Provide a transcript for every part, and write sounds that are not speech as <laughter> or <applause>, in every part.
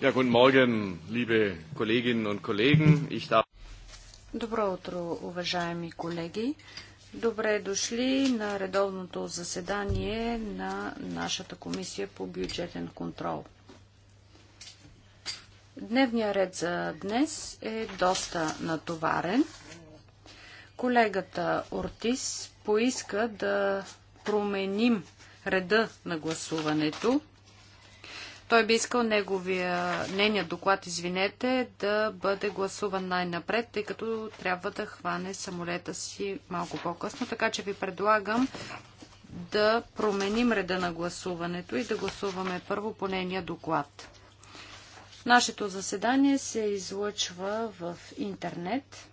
Ja, guten Morgen, liebe Kolleginnen und Kollegen. Ich darf... Добро утро, уважаеми колеги. Добре дошли на редовното заседание на нашата комисия по бюджетен контрол. Дневният ред за днес е доста натоварен. Колегата Ортис поиска да променим реда на гласуването той би искал неговия, нения доклад, извинете, да бъде гласуван най-напред, тъй като трябва да хване самолета си малко по-късно. Така че ви предлагам да променим реда на гласуването и да гласуваме първо по нейния доклад. Нашето заседание се излъчва в интернет.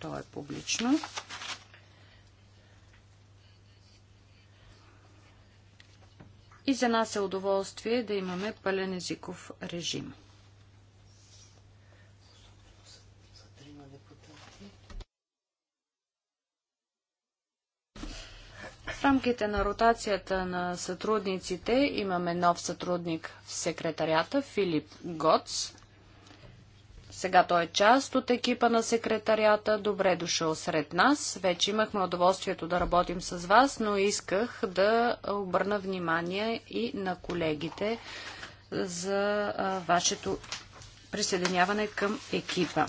То е публично. И за нас е удоволствие да имаме пълен езиков режим. В рамките на ротацията на сътрудниците имаме нов сътрудник в секретарията Филип Гоц. Сега той е част от екипа на секретарията. Добре е дошъл сред нас. Вече имахме удоволствието да работим с вас, но исках да обърна внимание и на колегите за вашето присъединяване към екипа.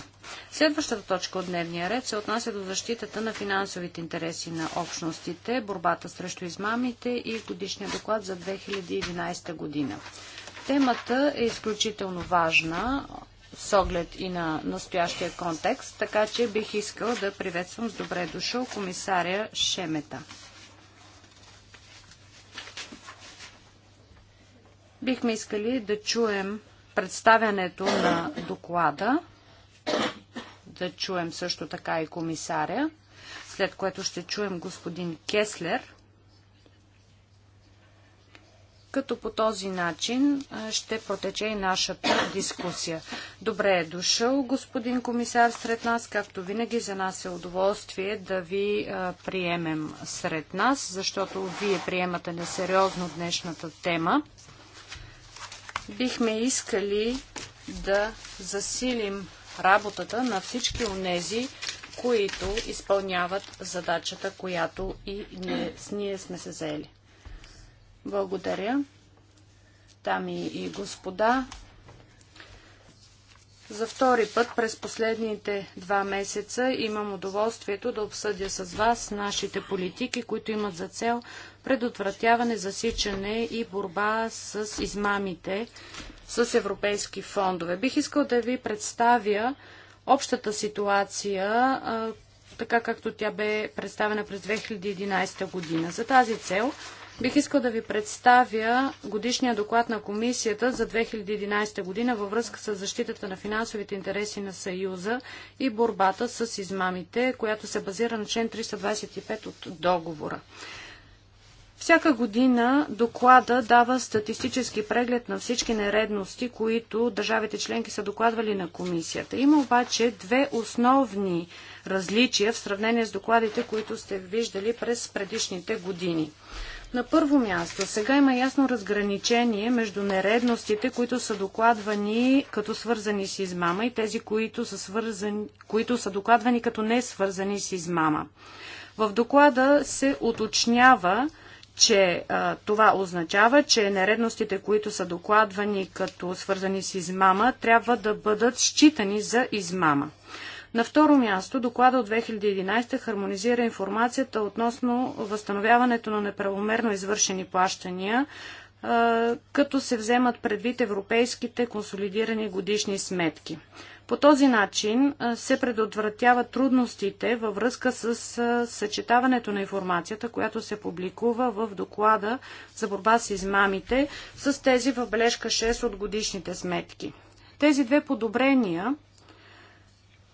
Следващата точка от дневния ред се отнася до защитата на финансовите интереси на общностите, борбата срещу измамите и годишния доклад за 2011 година. Темата е изключително важна с оглед и на настоящия контекст, така че бих искал да приветствам с добре дошъл комисаря Шемета. Бихме искали да чуем представянето на доклада, да чуем също така и комисаря, след което ще чуем господин Кеслер – като по този начин ще протече и нашата дискусия. Добре е дошъл, господин комисар, сред нас. Както винаги, за нас е удоволствие да ви приемем сред нас, защото вие приемате несериозно днешната тема. Бихме искали да засилим работата на всички онези, които изпълняват задачата, която и ние, ние сме се заели. Благодаря. Дами и господа, за втори път през последните два месеца имам удоволствието да обсъдя с вас нашите политики, които имат за цел предотвратяване, засичане и борба с измамите с европейски фондове. Бих искал да ви представя общата ситуация, така както тя бе представена през 2011 година. За тази цел Бих искал да ви представя годишния доклад на комисията за 2011 година във връзка с защитата на финансовите интереси на Съюза и борбата с измамите, която се базира на член 325 от договора. Всяка година доклада дава статистически преглед на всички нередности, които държавите членки са докладвали на комисията. Има обаче две основни различия в сравнение с докладите, които сте виждали през предишните години. На първо място, сега има ясно разграничение между нередностите, които са докладвани като свързани с измама и тези, които са, свързани, които са докладвани като не свързани с измама. В доклада се уточнява, че а, това означава, че нередностите, които са докладвани като свързани с измама, трябва да бъдат считани за измама. На второ място, доклада от 2011 хармонизира информацията относно възстановяването на неправомерно извършени плащания, като се вземат предвид европейските консолидирани годишни сметки. По този начин се предотвратяват трудностите във връзка с съчетаването на информацията, която се публикува в доклада за борба с измамите, с тези в бележка 6 от годишните сметки. Тези две подобрения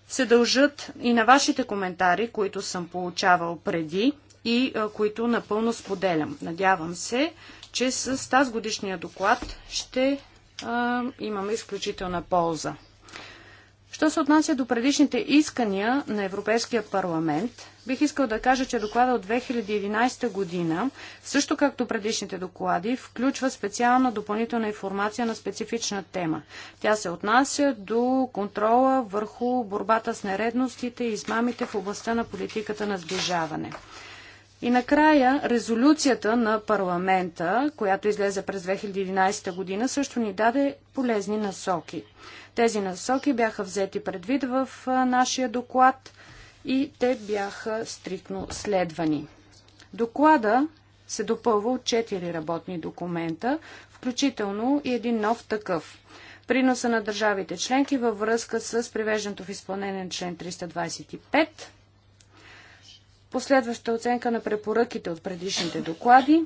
се дължат и на вашите коментари, които съм получавал преди и които напълно споделям. Надявам се, че с тази годишния доклад ще а, имаме изключителна полза. Що се отнася до предишните искания на Европейския парламент, бих искал да кажа, че доклада от 2011 година, също както предишните доклади, включва специална допълнителна информация на специфична тема. Тя се отнася до контрола върху борбата с нередностите и измамите в областта на политиката на сближаване. И накрая резолюцията на парламента, която излезе през 2011 година, също ни даде полезни насоки. Тези насоки бяха взети предвид в нашия доклад и те бяха стрикно следвани. Доклада се допълва от 4 работни документа, включително и един нов такъв. Приноса на държавите членки във връзка с привеждането в изпълнение на член 325, последваща оценка на препоръките от предишните доклади,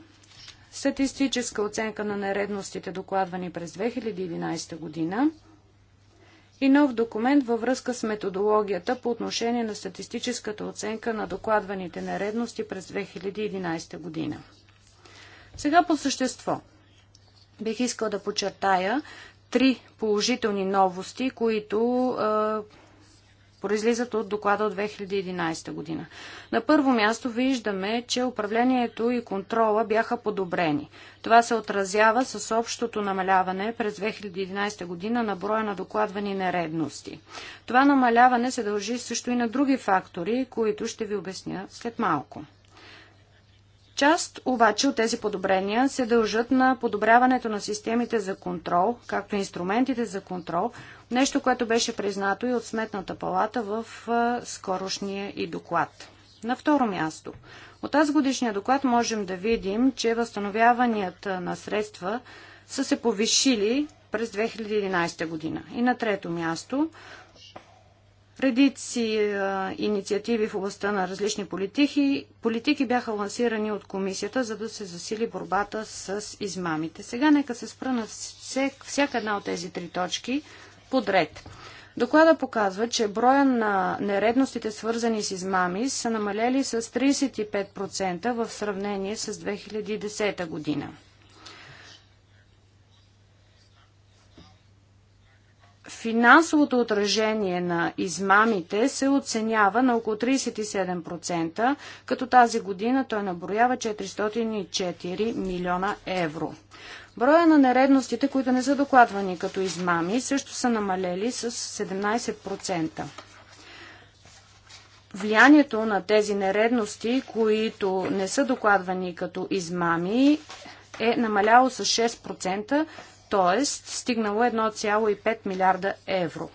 статистическа оценка на нередностите докладвани през 2011 година, и нов документ във връзка с методологията по отношение на статистическата оценка на докладваните нередности през 2011 година. Сега по същество. Бих искал да подчертая три положителни новости, които произлизат от доклада от 2011 година. На първо място виждаме, че управлението и контрола бяха подобрени. Това се отразява с общото намаляване през 2011 година на броя на докладвани нередности. Това намаляване се дължи също и на други фактори, които ще ви обясня след малко. Част обаче от тези подобрения се дължат на подобряването на системите за контрол, както и инструментите за контрол, Нещо, което беше признато и от Сметната палата в скорошния и доклад. На второ място. От тази годишния доклад можем да видим, че възстановяванията на средства са се повишили през 2011 година. И на трето място, редици а, инициативи в областта на различни политики, политики бяха лансирани от комисията, за да се засили борбата с измамите. Сега нека се спра на всек, всяка една от тези три точки – подред. Доклада показва, че броя на нередностите, свързани с измами, са намалели с 35% в сравнение с 2010 година. финансовото отражение на измамите се оценява на около 37%, като тази година той наброява 404 милиона евро. Броя на нередностите, които не са докладвани като измами, също са намалели с 17%. Влиянието на тези нередности, които не са докладвани като измами, е намаляло с 6%, т.е. стигнало 1,5 милиарда евро.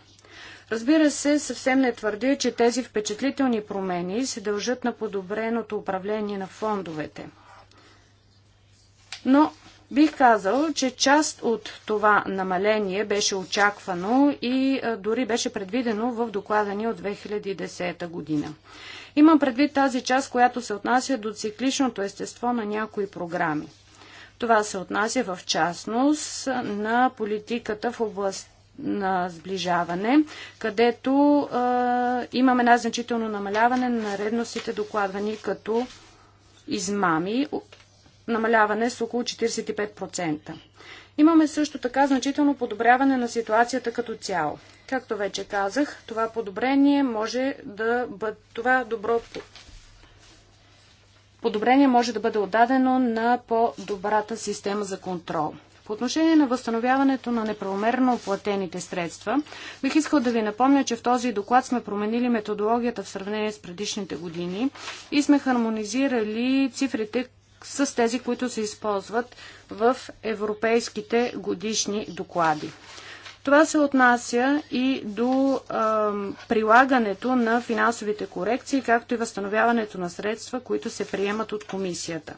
Разбира се, съвсем не твърдя, че тези впечатлителни промени се дължат на подобреното управление на фондовете. Но Бих казал, че част от това намаление беше очаквано и дори беше предвидено в доклада ни от 2010 година. Имам предвид тази част, която се отнася до цикличното естество на някои програми. Това се отнася в частност на политиката в област на сближаване, където е, имаме най значително намаляване на редностите, докладвани като измами намаляване с около 45%. Имаме също така значително подобряване на ситуацията като цяло. Както вече казах, това подобрение може да бъде, това добро подобрение може да бъде отдадено на по-добрата система за контрол. По отношение на възстановяването на неправомерно оплатените средства, бих искал да ви напомня, че в този доклад сме променили методологията в сравнение с предишните години и сме хармонизирали цифрите, с тези, които се използват в европейските годишни доклади. Това се отнася и до е, прилагането на финансовите корекции, както и възстановяването на средства, които се приемат от комисията.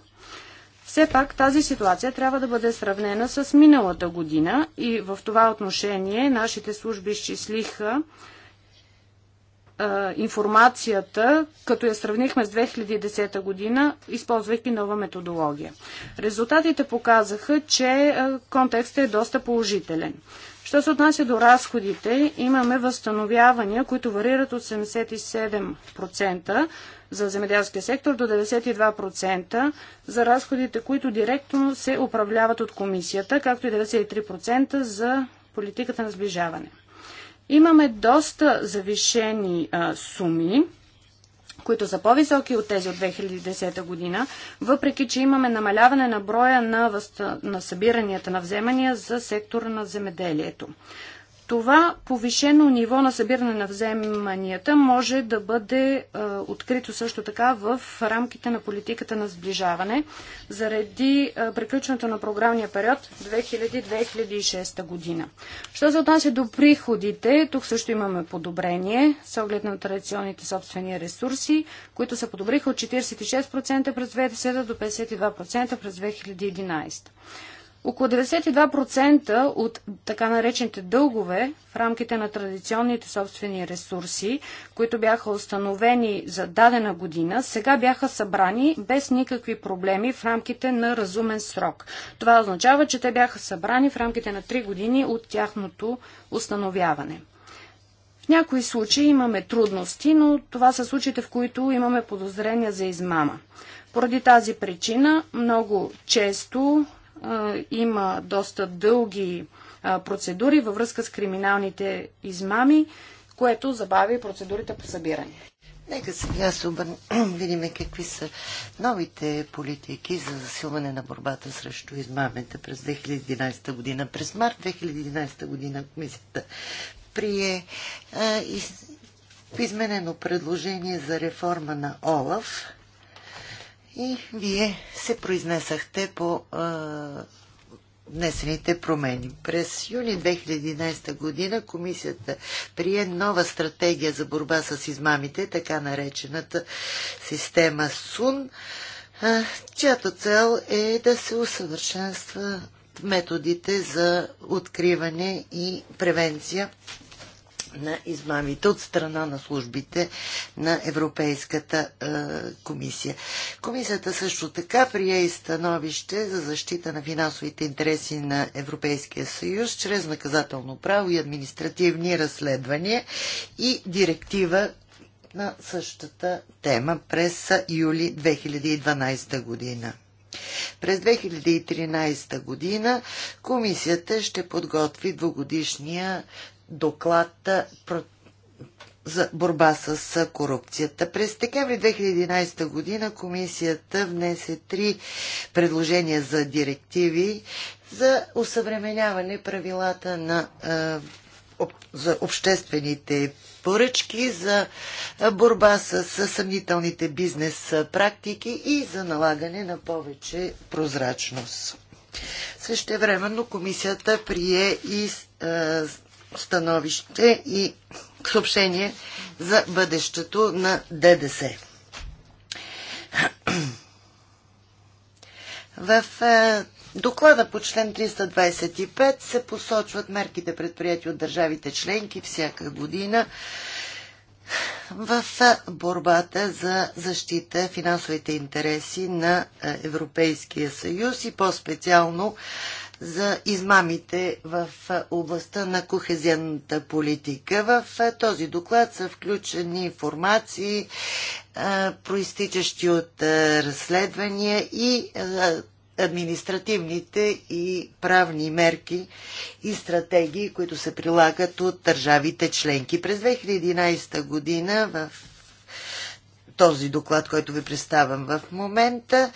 Все пак тази ситуация трябва да бъде сравнена с миналата година и в това отношение нашите служби изчислиха а, информацията, като я сравнихме с 2010 година, използвайки нова методология. Резултатите показаха, че контекстът е доста положителен. Що се отнася до разходите, имаме възстановявания, които варират от 77% за земеделския сектор до 92% за разходите, които директно се управляват от комисията, както и 93% за политиката на сближаване. Имаме доста завишени а, суми, които са по-високи от тези от 2010 година, въпреки че имаме намаляване на броя на, възта, на събиранията на вземания за сектора на земеделието. Това повишено ниво на събиране на вземанията може да бъде е, открито също така в рамките на политиката на сближаване заради е, приключването на програмния период 2000-2006 година. Що се отнася до приходите, тук също имаме подобрение с оглед на традиционните собствени ресурси, които се подобриха от 46% през 2010 до 52% през 2011. Около 92% от така наречените дългове в рамките на традиционните собствени ресурси, които бяха установени за дадена година, сега бяха събрани без никакви проблеми в рамките на разумен срок. Това означава, че те бяха събрани в рамките на 3 години от тяхното установяване. В някои случаи имаме трудности, но това са случаите, в които имаме подозрения за измама. Поради тази причина много често има доста дълги процедури във връзка с криминалните измами, което забави процедурите по събиране. Нека сега се <clears throat> видим какви са новите политики за засилване на борбата срещу измамите през 2011 година. През март 2011 година комисията прие а, из, изменено предложение за реформа на ОЛАФ и вие се произнесахте по а, внесените промени. През юни 2011 година комисията прие нова стратегия за борба с измамите, така наречената система СУН, а, чиято цел е да се усъвършенства методите за откриване и превенция на измамите от страна на службите на Европейската е, комисия. Комисията също така прие и становище за защита на финансовите интереси на Европейския съюз чрез наказателно право и административни разследвания и директива на същата тема през юли 2012 година. През 2013 година комисията ще подготви двогодишния доклад за борба с корупцията. През декември 2011 година комисията внесе три предложения за директиви за усъвременяване правилата на, за обществените поръчки, за борба с, съмнителните бизнес практики и за налагане на повече прозрачност. Същевременно комисията прие и становище и съобщение за бъдещето на ДДС. В е, доклада по член 325 се посочват мерките предприяти от държавите членки всяка година в е, борбата за защита финансовите интереси на е, Европейския съюз и по-специално за измамите в областта на кохезионната политика. В този доклад са включени информации, проистичащи от разследвания и административните и правни мерки и стратегии, които се прилагат от държавите членки. През 2011 година в този доклад, който ви представям в момента,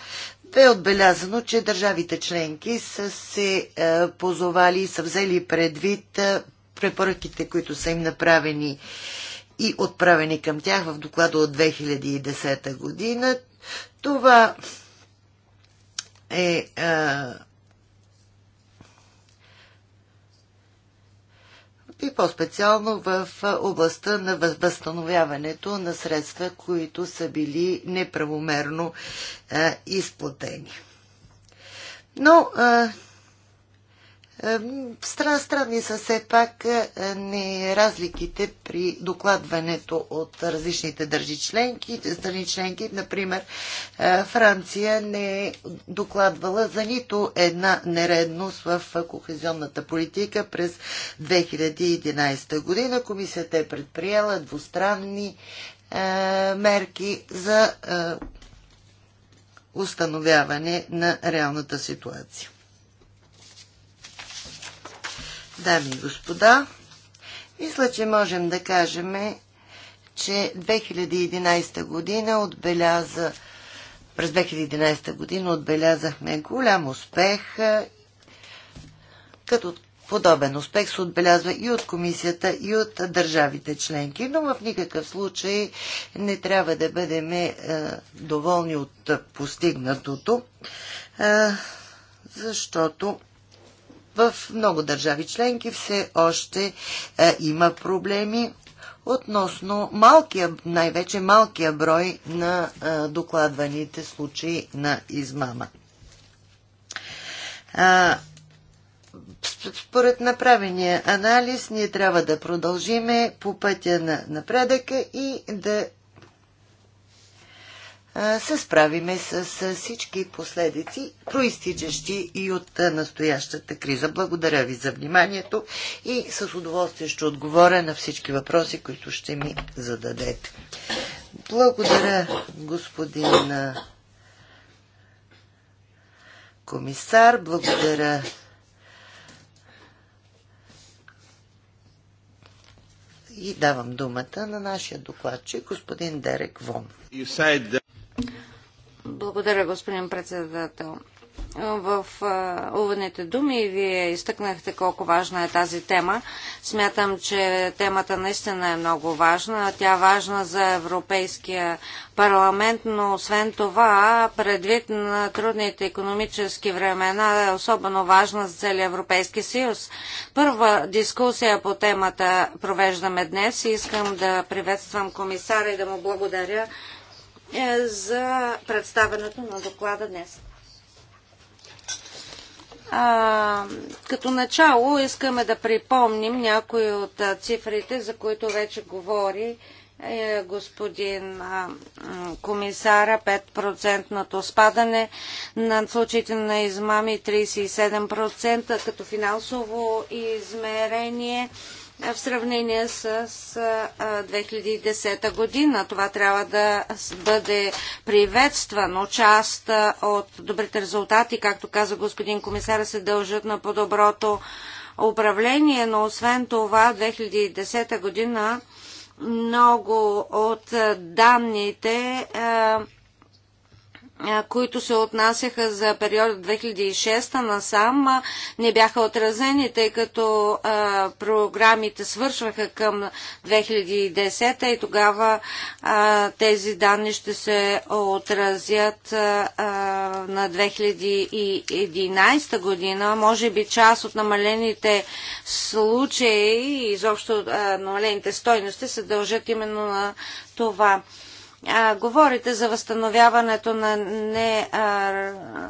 бе отбелязано, че държавите членки са се е, позовали и са взели предвид е, препоръките, които са им направени и отправени към тях в доклада от 2010 година. Това е, е и по-специално в областта на възстановяването на средства, които са били неправомерно а, изплатени. Но а, странни са все пак е, не разликите при докладването от различните държи членки, страни членки. Например, е, Франция не е докладвала за нито една нередност в кохезионната политика през 2011 година. Комисията е предприела двустранни е, мерки за установяване на реалната ситуация. Дами и господа, мисля, че можем да кажем, че 2011 година отбеляза през 2011 година отбелязахме голям успех, като подобен успех се отбелязва и от комисията, и от държавите членки, но в никакъв случай не трябва да бъдем е, доволни от постигнатото, е, защото в много държави членки все още е, има проблеми относно малкия, най-вече малкия брой на е, докладваните случаи на измама. А, според направения анализ, ние трябва да продължиме по пътя на напредъка и да се справиме с всички последици, проистичащи и от настоящата криза. Благодаря ви за вниманието и с удоволствие ще отговоря на всички въпроси, които ще ми зададете. Благодаря, господин комисар. Благодаря и давам думата на нашия докладчик, господин Дерек Вон. That... Благодаря, господин председател. В уводните думи вие изтъкнахте колко важна е тази тема. Смятам, че темата наистина е много важна. Тя е важна за Европейския парламент, но освен това, предвид на трудните економически времена, е особено важна за целия Европейски съюз. Първа дискусия по темата провеждаме днес и искам да приветствам комисара и да му благодаря е, за представенето на доклада днес. А, като начало искаме да припомним някои от цифрите, за които вече говори е, господин а, комисара, 5 спадане на случаите на измами 37%, като финансово измерение – в сравнение с 2010 година. Това трябва да бъде приветствано. Част от добрите резултати, както каза господин комисар, се дължат на по-доброто управление, но освен това 2010 година много от данните които се отнасяха за период 2006 насам, не бяха отразени, тъй като програмите свършваха към 2010 и тогава тези данни ще се отразят на 2011 година. Може би част от намалените случаи и изобщо намалените стойности се дължат именно на това говорите за възстановяването на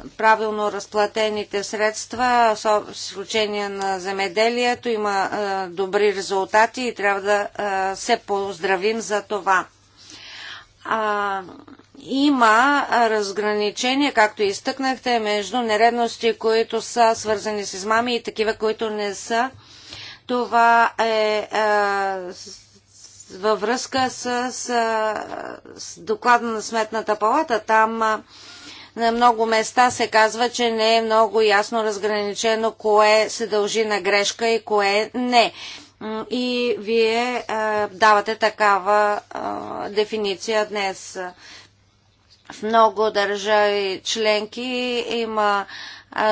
неправилно разплатените средства, с изключение на земеделието. Има а, добри резултати и трябва да а, се поздравим за това. А, има разграничение, както изтъкнахте, между нередности, които са свързани с измами и такива, които не са. Това е, е във връзка с, с, с доклада на Сметната палата. Там а, на много места се казва, че не е много ясно разграничено кое се дължи на грешка и кое не. И вие а, давате такава а, дефиниция днес. В много държави членки има а,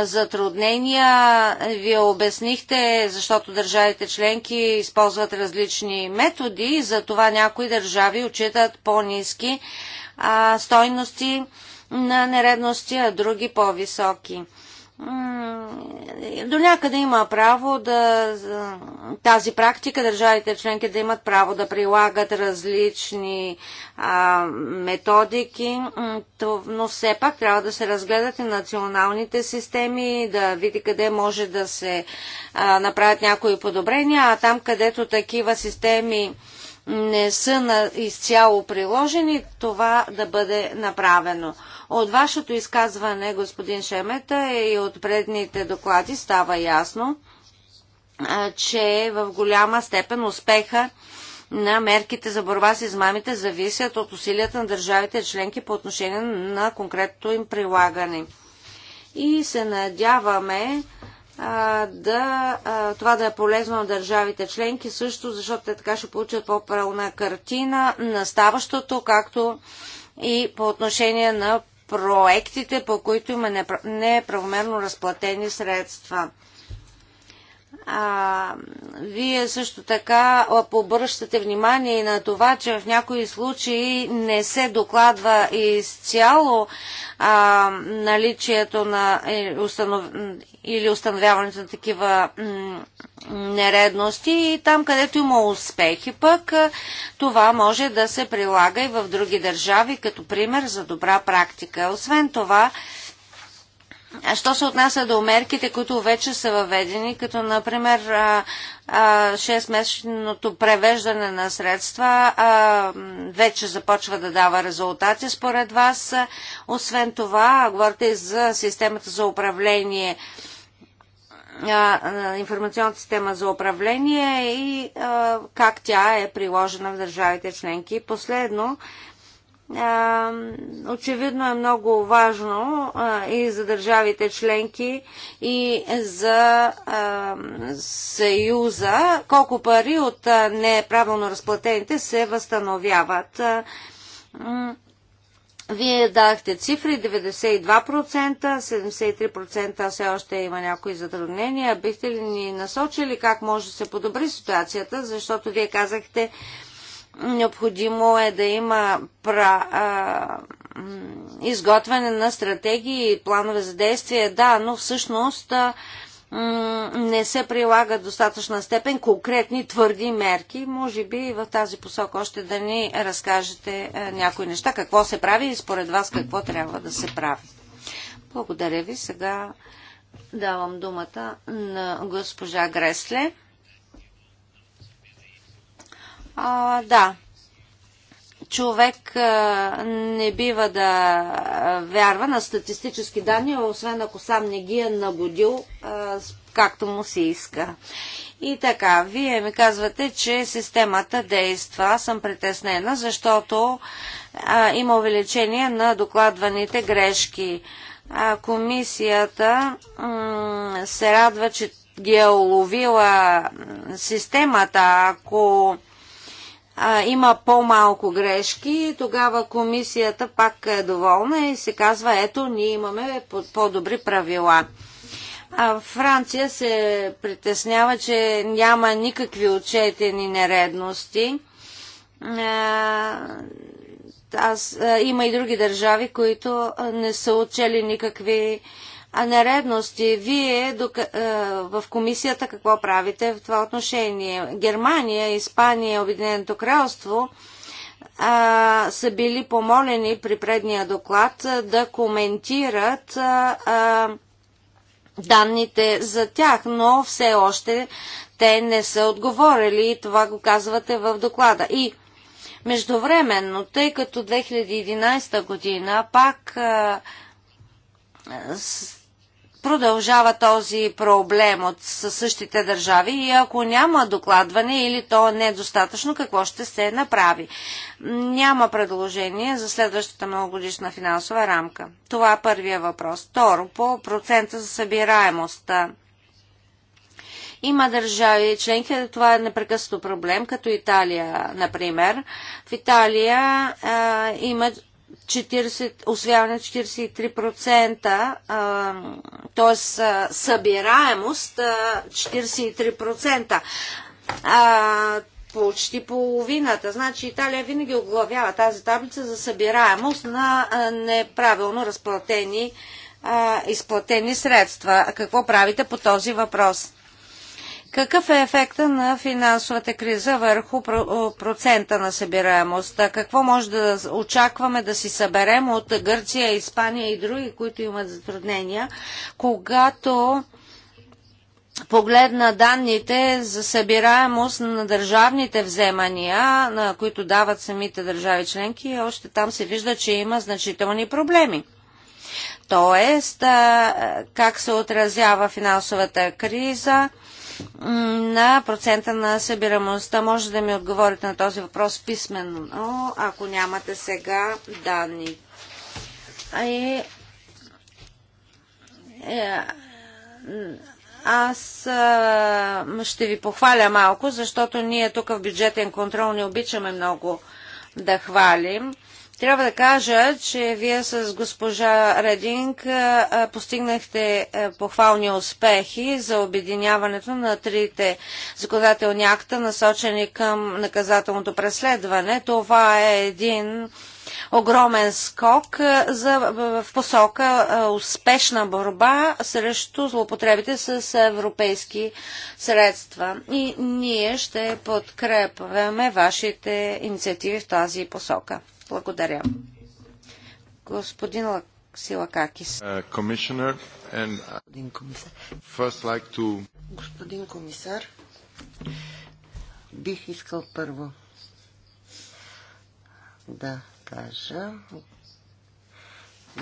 затруднения. Вие обяснихте, защото държавите членки използват различни методи, и затова някои държави отчитат по-низки стойности на нередности, а други по-високи до някъде има право да тази практика държавите членки да имат право да прилагат различни а, методики, но все пак трябва да се разгледат и националните системи, да види къде може да се а, направят някои подобрения, а там където такива системи не са на, изцяло приложени, това да бъде направено. От вашето изказване, господин Шемета, и от предните доклади става ясно, че в голяма степен успеха на мерките за борба с измамите зависят от усилията на държавите членки по отношение на конкретното им прилагане. И се надяваме, да, а, това да е полезно на държавите членки също, защото те така ще получат по правна картина на ставащото, както и по отношение на проектите, по които има неправомерно разплатени средства. А, вие също така побръщате внимание на това, че в някои случаи не се докладва изцяло а, наличието на е, установ... или установяването на такива нередности и там, където има успехи, пък това може да се прилага и в други държави, като пример за добра практика. Освен това, а що се отнася до мерките, които вече са въведени, като например 6-месечното превеждане на средства вече започва да дава резултати според вас. Освен това, говорите и за системата за управление, информационната система за управление и как тя е приложена в държавите членки. Последно, очевидно е много важно и за държавите членки, и за Съюза, колко пари от неправилно разплатените се възстановяват. Вие дадахте цифри 92%, 73% все още има някои затруднения. Бихте ли ни насочили как може да се подобри ситуацията, защото вие казахте, Необходимо е да има пра, а, изготвяне на стратегии и планове за действие, да, но всъщност а, не се прилага достатъчна степен конкретни твърди мерки. Може би в тази посока още да ни разкажете а, някои неща, какво се прави и според вас какво трябва да се прави. Благодаря ви. Сега давам думата на госпожа Гресле. А, да. Човек а, не бива да вярва на статистически данни, освен ако сам не ги е набудил а, както му се иска. И така, вие ми казвате, че системата действа. Аз съм притеснена, защото а, има увеличение на докладваните грешки. А, комисията се радва, че ги е уловила системата. Ако има по-малко грешки, тогава комисията пак е доволна и се казва, ето, ние имаме по-добри правила. А Франция се притеснява, че няма никакви отчетени нередности. аз, има и други държави, които не са отчели никакви а, а нередности. Вие е, в комисията какво правите в това отношение? Германия, Испания, Обединеното кралство са били помолени при предния доклад е, да коментират е, данните за тях, но все още те не са отговорили и това го казвате в доклада. И междувременно, тъй като 2011 година пак продължава този проблем от същите държави и ако няма докладване или то не е достатъчно, какво ще се направи? Няма предложение за следващата многогодишна финансова рамка. Това е първия въпрос. Второ, по процента за събираемостта. Има държави членки, това е непрекъснато проблем, като Италия, например. В Италия а, има 40, освяване 43%, т.е. събираемост 43%. А, почти половината. Значи Италия винаги оглавява тази таблица за събираемост на неправилно разплатени а, изплатени средства. Какво правите по този въпрос? Какъв е ефекта на финансовата криза върху процента на събираемост? Какво може да очакваме да си съберем от Гърция, Испания и други, които имат затруднения, когато погледна данните за събираемост на държавните вземания, на които дават самите държави членки, още там се вижда, че има значителни проблеми. Тоест, как се отразява финансовата криза на процента на събираемостта. Може да ми отговорите на този въпрос писменно, но ако нямате сега данни. А и, е, аз а, ще ви похваля малко, защото ние тук в бюджетен контрол не обичаме много да хвалим. Трябва да кажа, че вие с госпожа Рединг постигнахте похвални успехи за обединяването на трите законодателни акта, насочени към наказателното преследване. Това е един огромен скок за, в посока успешна борба срещу злоупотребите с европейски средства. И ние ще подкрепваме вашите инициативи в тази посока. Благодаря. Господин Силакакис. Uh, uh, Господин комисар. Господин комисар, бих искал първо да кажа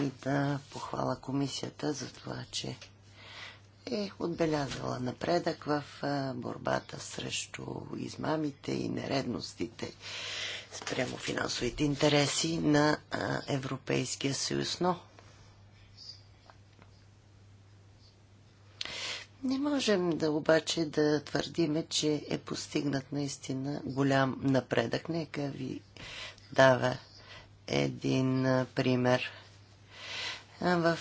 и да похвала комисията за това, че е отбелязала напредък в борбата срещу измамите и нередностите спрямо финансовите интереси на Европейския съюз. Но не можем да обаче да твърдиме, че е постигнат наистина голям напредък. Нека ви дава един пример в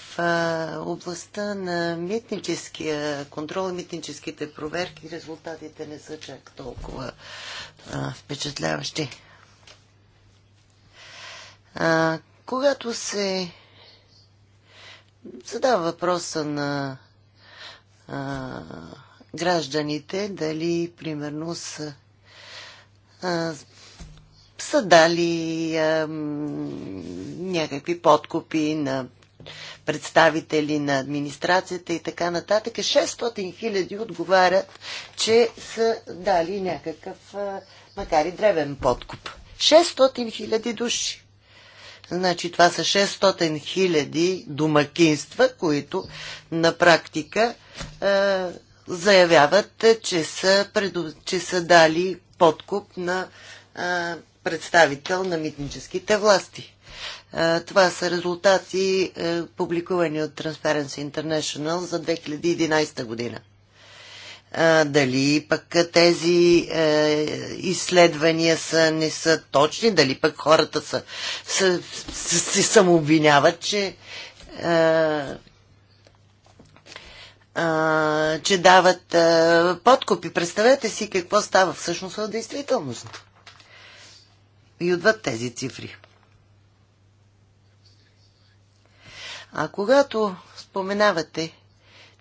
областта на митническия контрол митническите проверки резултатите не са чак толкова впечатляващи. А, когато се задава въпроса на а, гражданите, дали примерно са, а, са дали а, някакви подкупи на представители на администрацията и така нататък. 600 хиляди отговарят, че са дали някакъв, макар и древен подкуп. 600 хиляди души. Значи това са 600 хиляди домакинства, които на практика е, заявяват, е, че са, предо... че са дали подкуп на е, представител на митническите власти. Е, това са резултати, е, публикувани от Transparency International за 2011 година дали пък тези е, изследвания са, не са точни, дали пък хората са, са, са, се самообвиняват, че, е, е, че дават е, подкупи. Представете си какво става всъщност в действителност. И отвъд тези цифри. А когато споменавате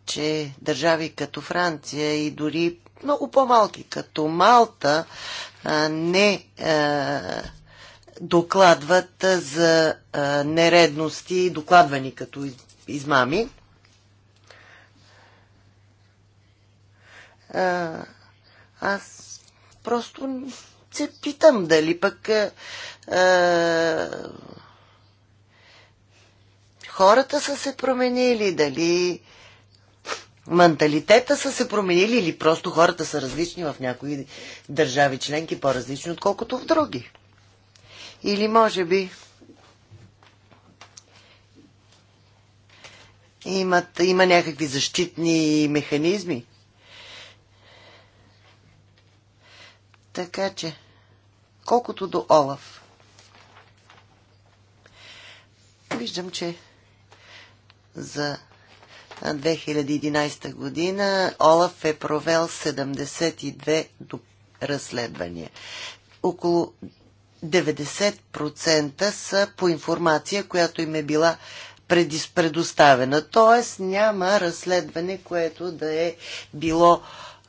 че държави като Франция и дори много по-малки като Малта не докладват за нередности, докладвани като измами. Аз просто се питам дали пък а, хората са се променили, дали менталитета са се променили или просто хората са различни в някои държави членки, по-различни отколкото в други. Или може би имат, има някакви защитни механизми. Така че, колкото до Олаф, виждам, че за 2011 година Олаф е провел 72 разследвания. Около 90% са по информация, която им е била предоставена. Тоест няма разследване, което да е било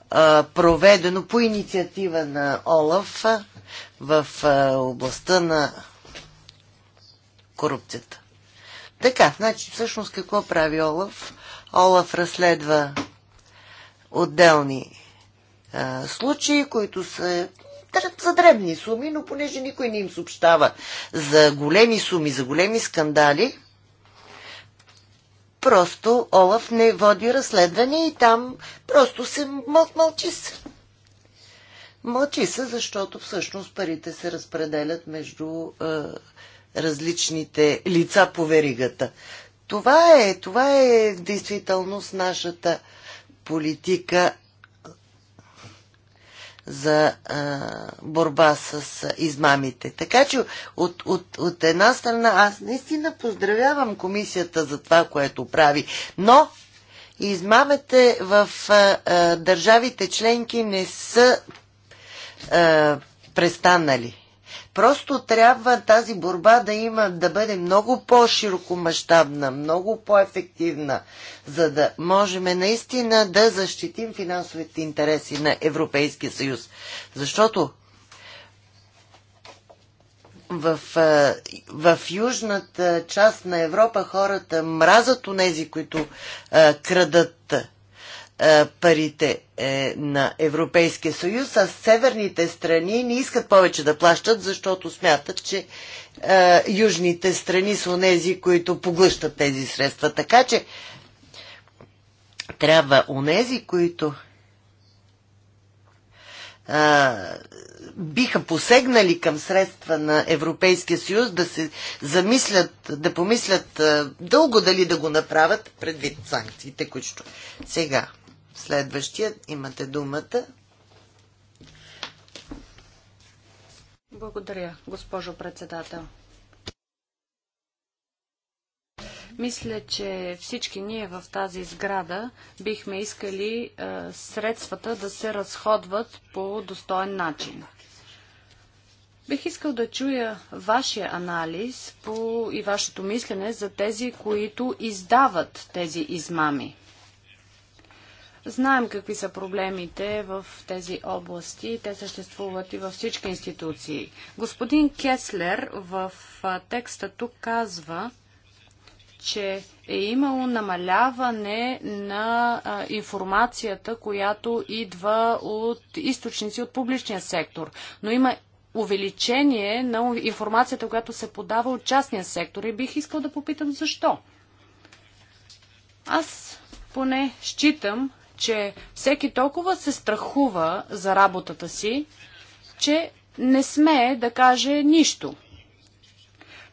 а, проведено по инициатива на Олаф в а, областта на корупцията. Така, значи всъщност какво прави Олаф? Олаф разследва отделни а, случаи, които са за дребни суми, но понеже никой не им съобщава за големи суми, за големи скандали, просто Олаф не води разследване и там просто се мъл- мълчи се. Мълчи се, защото всъщност парите се разпределят между е, различните лица по веригата. Това е, това е в действителност нашата политика за а, борба с а, измамите. Така че от, от, от една страна аз наистина поздравявам комисията за това, което прави, но измамите в а, а, държавите членки не са а, престанали. Просто трябва тази борба да има, да бъде много по-широкомащабна, много по-ефективна, за да можем наистина да защитим финансовите интереси на Европейския съюз. Защото в, в южната част на Европа хората мразат у нези, които а, крадат е, парите е, на Европейския съюз, а северните страни не искат повече да плащат, защото смятат, че е, южните страни са онези, които поглъщат тези средства. Така че трябва онези, които биха посегнали към средства на Европейския съюз да се замислят, да помислят дълго дали да го направят предвид санкциите, които сега Следващият имате думата. Благодаря, госпожо председател. Мисля, че всички ние в тази сграда бихме искали е, средствата да се разходват по достоен начин. Бих искал да чуя вашия анализ по и вашето мислене за тези, които издават тези измами. Знаем какви са проблемите в тези области. Те съществуват и във всички институции. Господин Кеслер в текста тук казва, че е имало намаляване на а, информацията, която идва от източници от публичния сектор. Но има увеличение на информацията, която се подава от частния сектор. И бих искал да попитам защо. Аз поне считам, че всеки толкова се страхува за работата си, че не смее да каже нищо.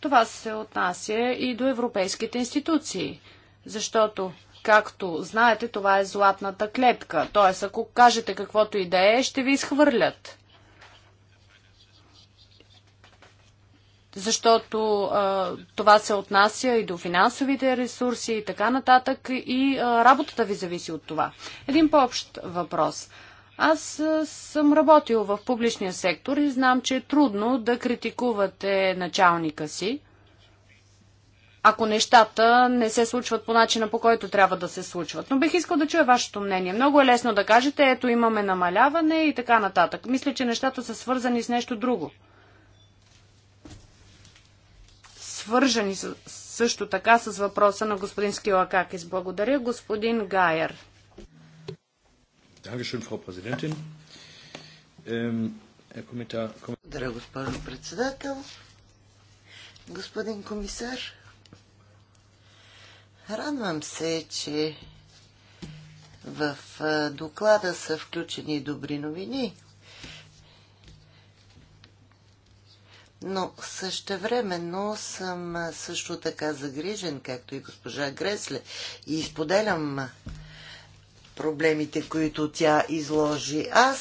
Това се отнася и до европейските институции, защото, както знаете, това е златната клетка. Т.е. ако кажете каквото и да е, ще ви изхвърлят. защото а, това се отнася и до финансовите ресурси и така нататък, и а, работата ви зависи от това. Един по-общ въпрос. Аз съм работил в публичния сектор и знам, че е трудно да критикувате началника си, ако нещата не се случват по начина по който трябва да се случват. Но бих искал да чуя вашето мнение. Много е лесно да кажете, ето имаме намаляване и така нататък. Мисля, че нещата са свързани с нещо друго. свържени с, също така с въпроса на господин Скилакакис. Благодаря, господин Гайер. Ähm, Благодаря, господин председател. Господин комисар, радвам се, че в доклада са включени добри новини Но същевременно съм също така загрижен, както и госпожа Гресле, и споделям проблемите, които тя изложи. Аз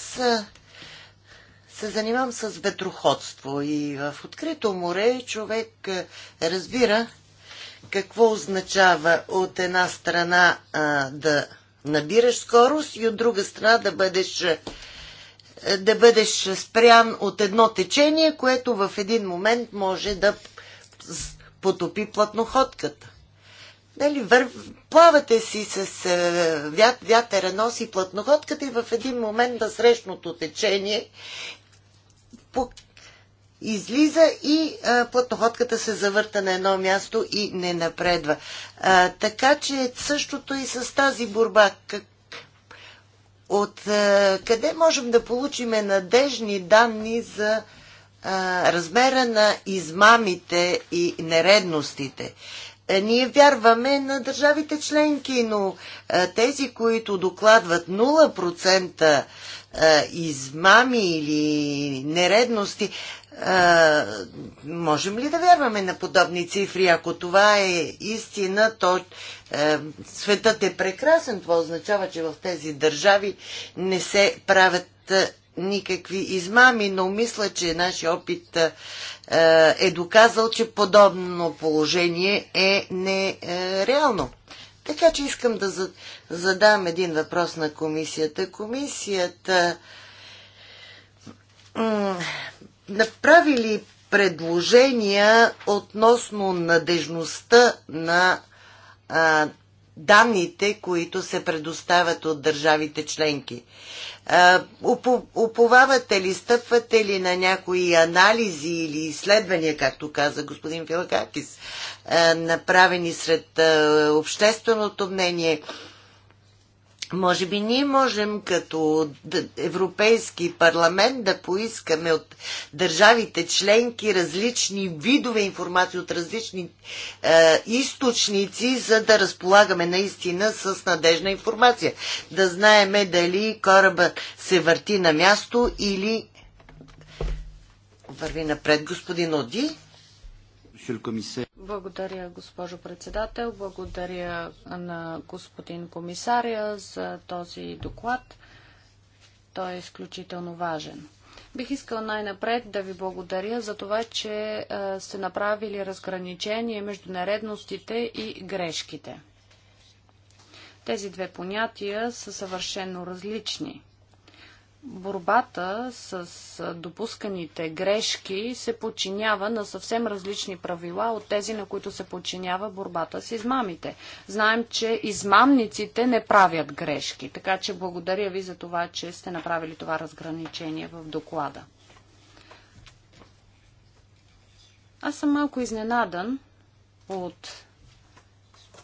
се занимавам с ветроходство и в открито море човек разбира какво означава от една страна а, да набираш скорост и от друга страна да бъдеш да бъдеш спрян от едно течение, което в един момент може да потопи платноходката. Нали, вър... плавате си с е, вят, вятъра, носи платноходката и в един момент на срещното течение по... излиза и а, е, платноходката се завърта на едно място и не напредва. А, така че същото и с тази борба. Как, от е, къде можем да получим надежни данни за е, размера на измамите и нередностите? Е, ние вярваме на държавите членки, но тези, които докладват 0% измами или нередности. А, можем ли да вярваме на подобни цифри? Ако това е истина, то а, светът е прекрасен. Това означава, че в тези държави не се правят никакви измами, но мисля, че нашия опит а, е доказал, че подобно положение е нереално. Е, така че искам да задам един въпрос на комисията. Комисията направи ли предложения относно надежността на а, данните, които се предоставят от държавите членки. Уповавате ли, стъпвате ли на някои анализи или изследвания, както каза господин Филакакис, направени сред общественото мнение? Може би ние можем като Европейски парламент да поискаме от държавите членки различни видове информации от различни е, източници, за да разполагаме наистина с надежна информация. Да знаеме дали кораба се върти на място или върви напред господин Оди. Благодаря, госпожо председател. Благодаря на господин комисаря за този доклад. Той е изключително важен. Бих искал най-напред да ви благодаря за това, че сте направили разграничение между нередностите и грешките. Тези две понятия са съвършено различни борбата с допусканите грешки се подчинява на съвсем различни правила от тези, на които се подчинява борбата с измамите. Знаем, че измамниците не правят грешки, така че благодаря ви за това, че сте направили това разграничение в доклада. Аз съм малко изненадан от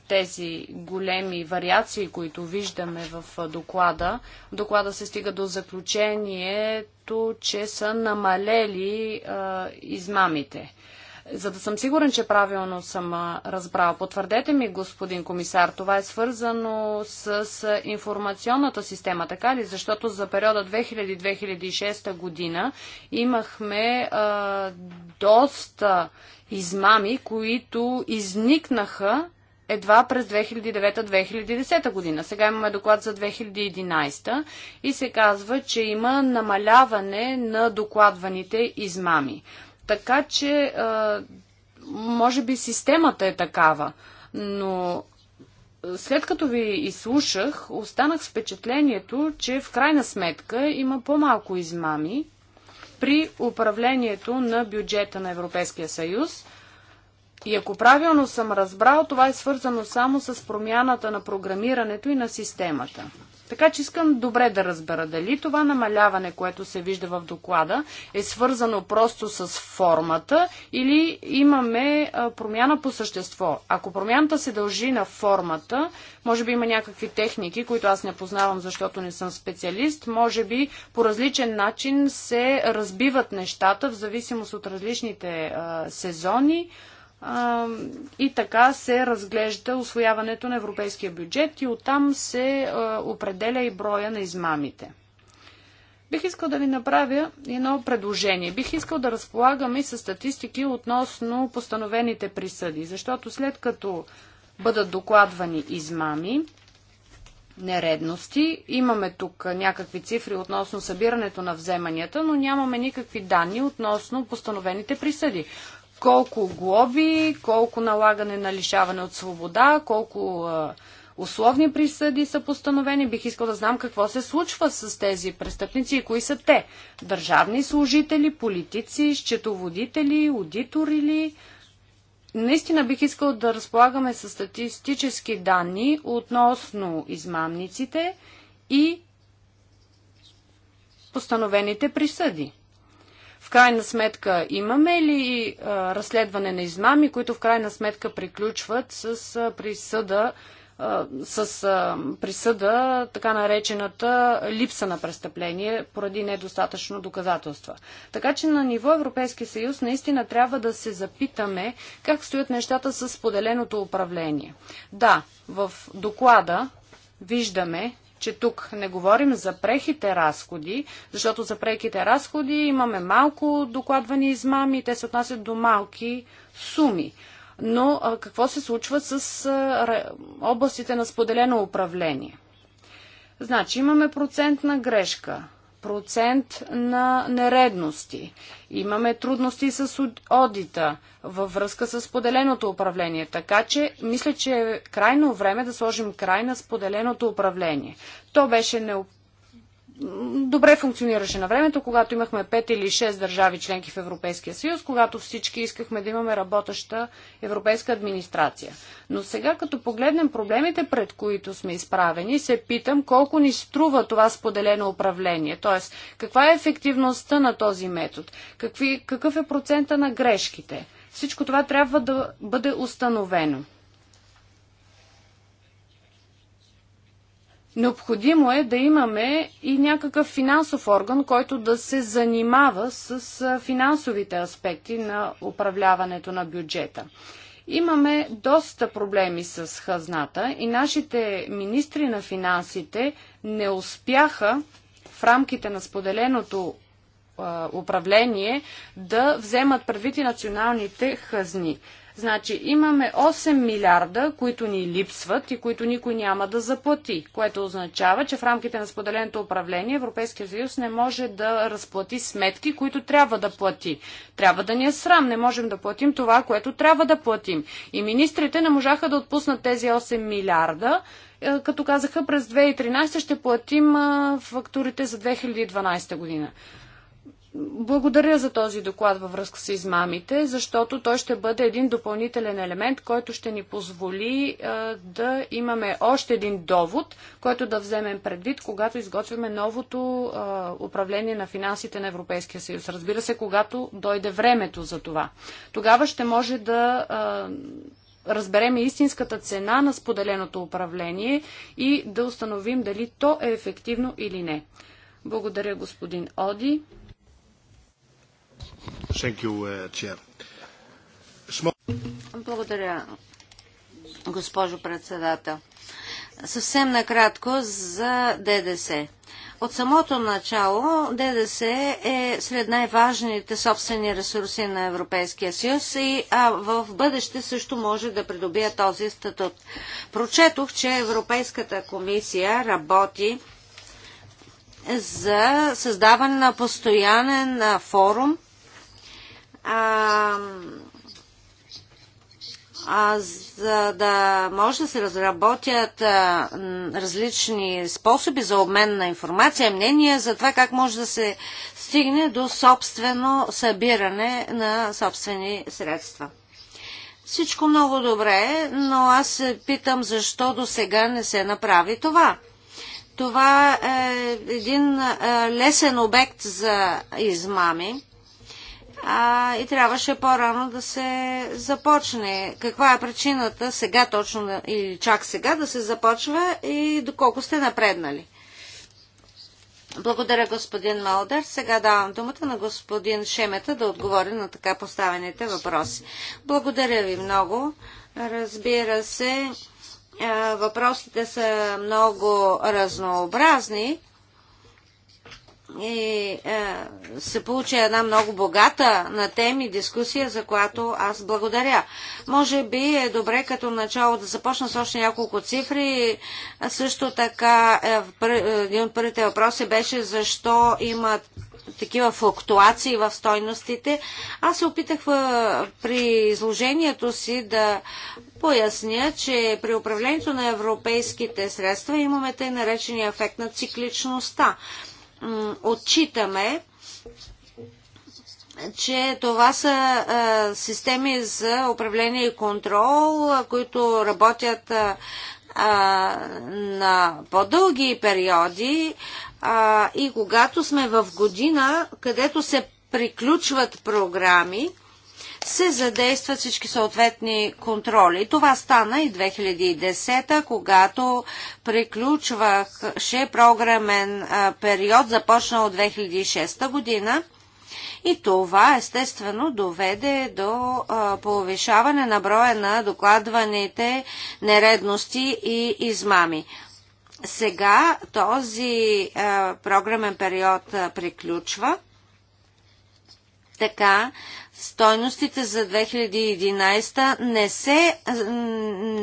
тези големи вариации, които виждаме в доклада. В доклада се стига до заключението, че са намалели а, измамите. За да съм сигурен, че правилно съм разбрал, потвърдете ми, господин комисар, това е свързано с информационната система, така ли? Защото за периода 2000-2006 година имахме а, доста измами, които изникнаха едва през 2009-2010 година. Сега имаме доклад за 2011 и се казва, че има намаляване на докладваните измами. Така че, може би системата е такава, но след като ви изслушах, останах с впечатлението, че в крайна сметка има по-малко измами при управлението на бюджета на Европейския съюз – и ако правилно съм разбрал, това е свързано само с промяната на програмирането и на системата. Така че искам добре да разбера дали това намаляване, което се вижда в доклада, е свързано просто с формата или имаме промяна по същество. Ако промяната се дължи на формата, може би има някакви техники, които аз не познавам, защото не съм специалист, може би по различен начин се разбиват нещата в зависимост от различните а, сезони и така се разглежда освояването на европейския бюджет и оттам се определя и броя на измамите. Бих искал да ви направя едно предложение. Бих искал да разполагам и с статистики относно постановените присъди, защото след като бъдат докладвани измами, нередности. Имаме тук някакви цифри относно събирането на вземанията, но нямаме никакви данни относно постановените присъди колко глоби, колко налагане на лишаване от свобода, колко условни присъди са постановени. Бих искал да знам какво се случва с тези престъпници и кои са те. Държавни служители, политици, счетоводители, аудитори ли? Наистина бих искал да разполагаме с статистически данни относно измамниците и постановените присъди. В крайна сметка имаме ли а, разследване на измами, които в крайна сметка приключват с а, присъда, а, с а, присъда така наречената липса на престъпление поради недостатъчно доказателства. Така че на ниво Европейски съюз наистина трябва да се запитаме как стоят нещата с поделеното управление. Да, в доклада виждаме, че тук не говорим за прехите разходи, защото за прехите разходи имаме малко докладвани измами и те се отнасят до малки суми. Но а, какво се случва с а, областите на споделено управление? Значи имаме процентна грешка процент на нередности. Имаме трудности с одита във връзка с поделеното управление. Така че, мисля, че е крайно време да сложим край на споделеното управление. То беше необходимо добре функционираше на времето, когато имахме 5 или 6 държави членки в Европейския съюз, когато всички искахме да имаме работеща европейска администрация. Но сега, като погледнем проблемите, пред които сме изправени, се питам колко ни струва това споделено управление. т.е. каква е ефективността на този метод? Какви, какъв е процента на грешките? Всичко това трябва да бъде установено. Необходимо е да имаме и някакъв финансов орган, който да се занимава с финансовите аспекти на управляването на бюджета. Имаме доста проблеми с хазната и нашите министри на финансите не успяха в рамките на споделеното управление да вземат предвид и националните хазни. Значи имаме 8 милиарда, които ни липсват и които никой няма да заплати, което означава, че в рамките на споделеното управление Европейския съюз не може да разплати сметки, които трябва да плати. Трябва да ни е срам, не можем да платим това, което трябва да платим. И министрите не можаха да отпуснат тези 8 милиарда, е, като казаха през 2013 ще платим фактурите за 2012 година. Благодаря за този доклад във връзка с измамите, защото той ще бъде един допълнителен елемент, който ще ни позволи а, е, да имаме още един довод, който да вземем предвид, когато изготвяме новото а, е, управление на финансите на Европейския съюз. Разбира се, когато дойде времето за това. Тогава ще може да. А, е, разберем истинската цена на споделеното управление и да установим дали то е ефективно или не. Благодаря, господин Оди. Uh, Благодаря, госпожо председател. Съвсем накратко за ДДС. От самото начало ДДС е сред най-важните собствени ресурси на Европейския съюз и а в бъдеще също може да придобие този статут. Прочетох, че Европейската комисия работи за създаване на постоянен форум – а, а, за да може да се разработят а, различни способи за обмен на информация, мнения за това как може да се стигне до собствено събиране на собствени средства. Всичко много добре, но аз се питам защо до сега не се направи това. Това е един лесен обект за измами а, и трябваше по-рано да се започне. Каква е причината сега точно или чак сега да се започва и доколко сте напреднали? Благодаря, господин Малдер. Сега давам думата на господин Шемета да отговори на така поставените въпроси. Благодаря ви много. Разбира се, въпросите са много разнообразни и е, се получи една много богата на теми дискусия, за която аз благодаря. Може би е добре като начало да започна с още няколко цифри. Също така е, е, един от първите въпроси беше защо има такива флуктуации в стойностите. Аз се опитах е, при изложението си да поясня, че при управлението на европейските средства имаме тъй наречения ефект на цикличността отчитаме, че това са системи за управление и контрол, които работят на по-дълги периоди и когато сме в година, където се приключват програми, се задействат всички съответни контроли. Това стана и 2010, когато приключваше програмен период, започнал от 2006 година. И това естествено доведе до а, повишаване на броя на докладваните нередности и измами. Сега този а, програмен период а, приключва. Така стойностите за 2011 не се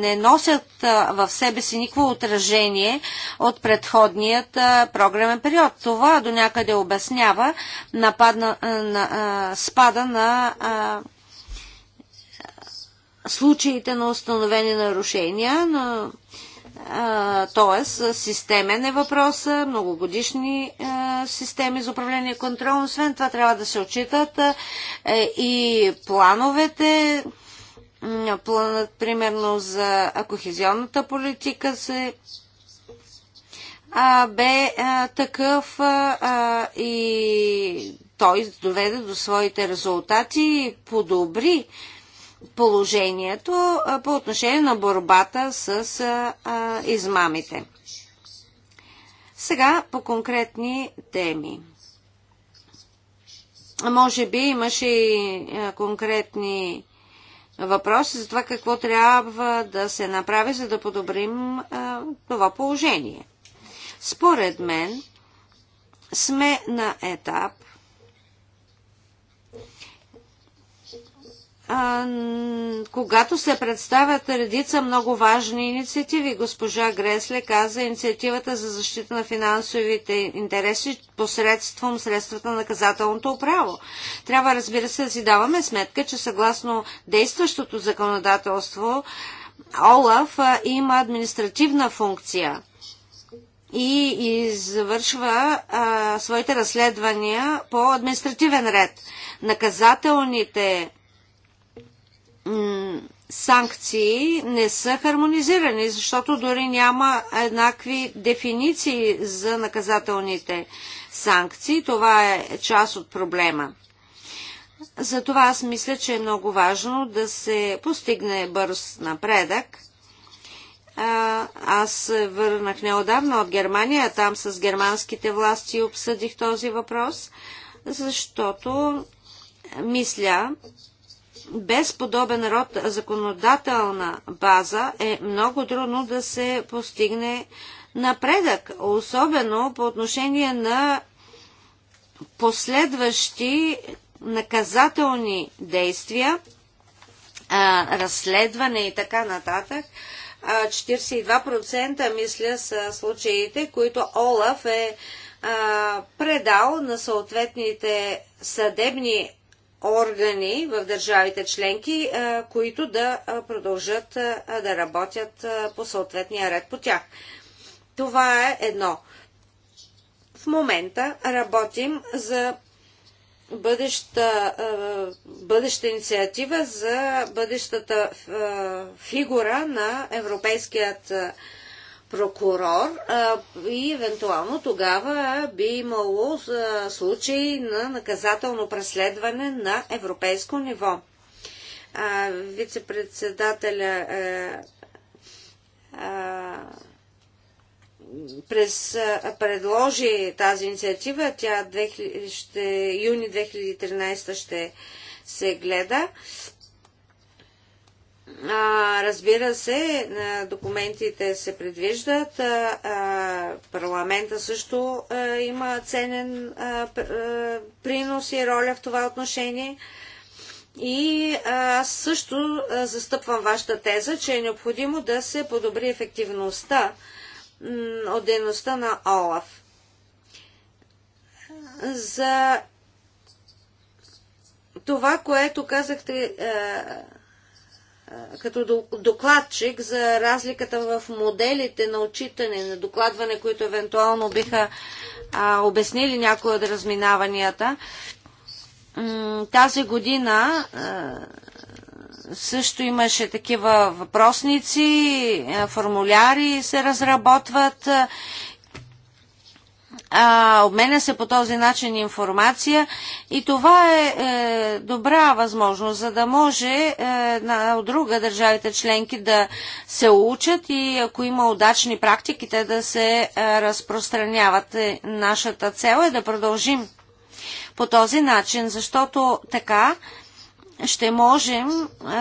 не носят в себе си никакво отражение от предходният програмен период. Това до някъде обяснява нападна, на, спада на а, случаите на установени нарушения, но т.е. системен е въпроса, многогодишни системи за управление и контрол. Освен това, трябва да се отчитат и плановете. Планът, примерно, за кохезионната политика се бе такъв и той доведе до своите резултати и подобри а, положението по отношение на борбата с а, измамите. Сега по конкретни теми. Може би имаше и конкретни въпроси за това какво трябва да се направи, за да подобрим а, това положение. Според мен сме на етап, а, когато се представят редица много важни инициативи. Госпожа Гресле каза инициативата за защита на финансовите интереси посредством средствата на наказателното право. Трябва, разбира се, да си даваме сметка, че съгласно действащото законодателство ОЛАФ има административна функция и извършва а, своите разследвания по административен ред. Наказателните санкции не са хармонизирани, защото дори няма еднакви дефиниции за наказателните санкции. Това е част от проблема. Затова аз мисля, че е много важно да се постигне бърз напредък. Аз върнах неодавна от Германия, там с германските власти обсъдих този въпрос, защото мисля, без подобен род законодателна база е много трудно да се постигне напредък, особено по отношение на последващи наказателни действия, разследване и така нататък. 42% мисля са случаите, които Олаф е предал на съответните съдебни органи в държавите членки, които да продължат да работят по съответния ред по тях. Това е едно. В момента работим за бъдеща, бъдеща инициатива за бъдещата фигура на Европейският прокурор а, и евентуално тогава би имало а, случаи на наказателно преследване на европейско ниво. Вице-председателя през, предложи тази инициатива, тя 2000, ще, юни 2013 ще се гледа. А, а, разбира се, документите се предвиждат. А, а, парламента също има ценен принос и роля в това отношение. И аз също застъпвам вашата теза, че е необходимо да се подобри ефективността от дейността на ОЛАФ. За това, което казахте като докладчик за разликата в моделите на отчитане, на докладване, които евентуално биха а, обяснили някои от разминаванията. Тази година а, също имаше такива въпросници, формуляри се разработват а, обменя се по този начин информация и това е, е добра възможност, за да може е, на, от друга държавите членки да се учат и ако има удачни практики, те да се е, разпространяват. Е, нашата цел е да продължим по този начин, защото така ще можем е,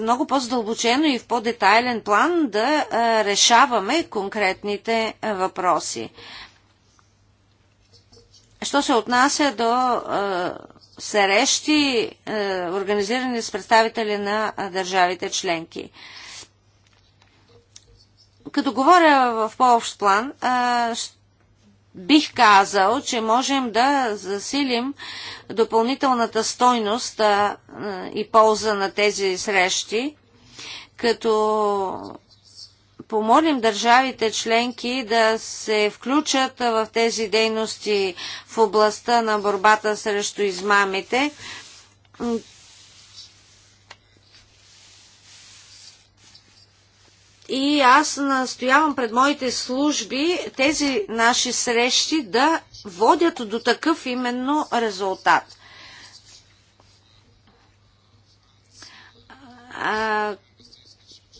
много по здълбочено и в по-детайлен план да е, решаваме конкретните е, въпроси. Що се отнася до срещи, организирани с представители на държавите членки. Като говоря в по-общ план, бих казал, че можем да засилим допълнителната стойност и полза на тези срещи, като помолим държавите членки да се включат в тези дейности в областта на борбата срещу измамите. И аз настоявам пред моите служби тези наши срещи да водят до такъв именно резултат.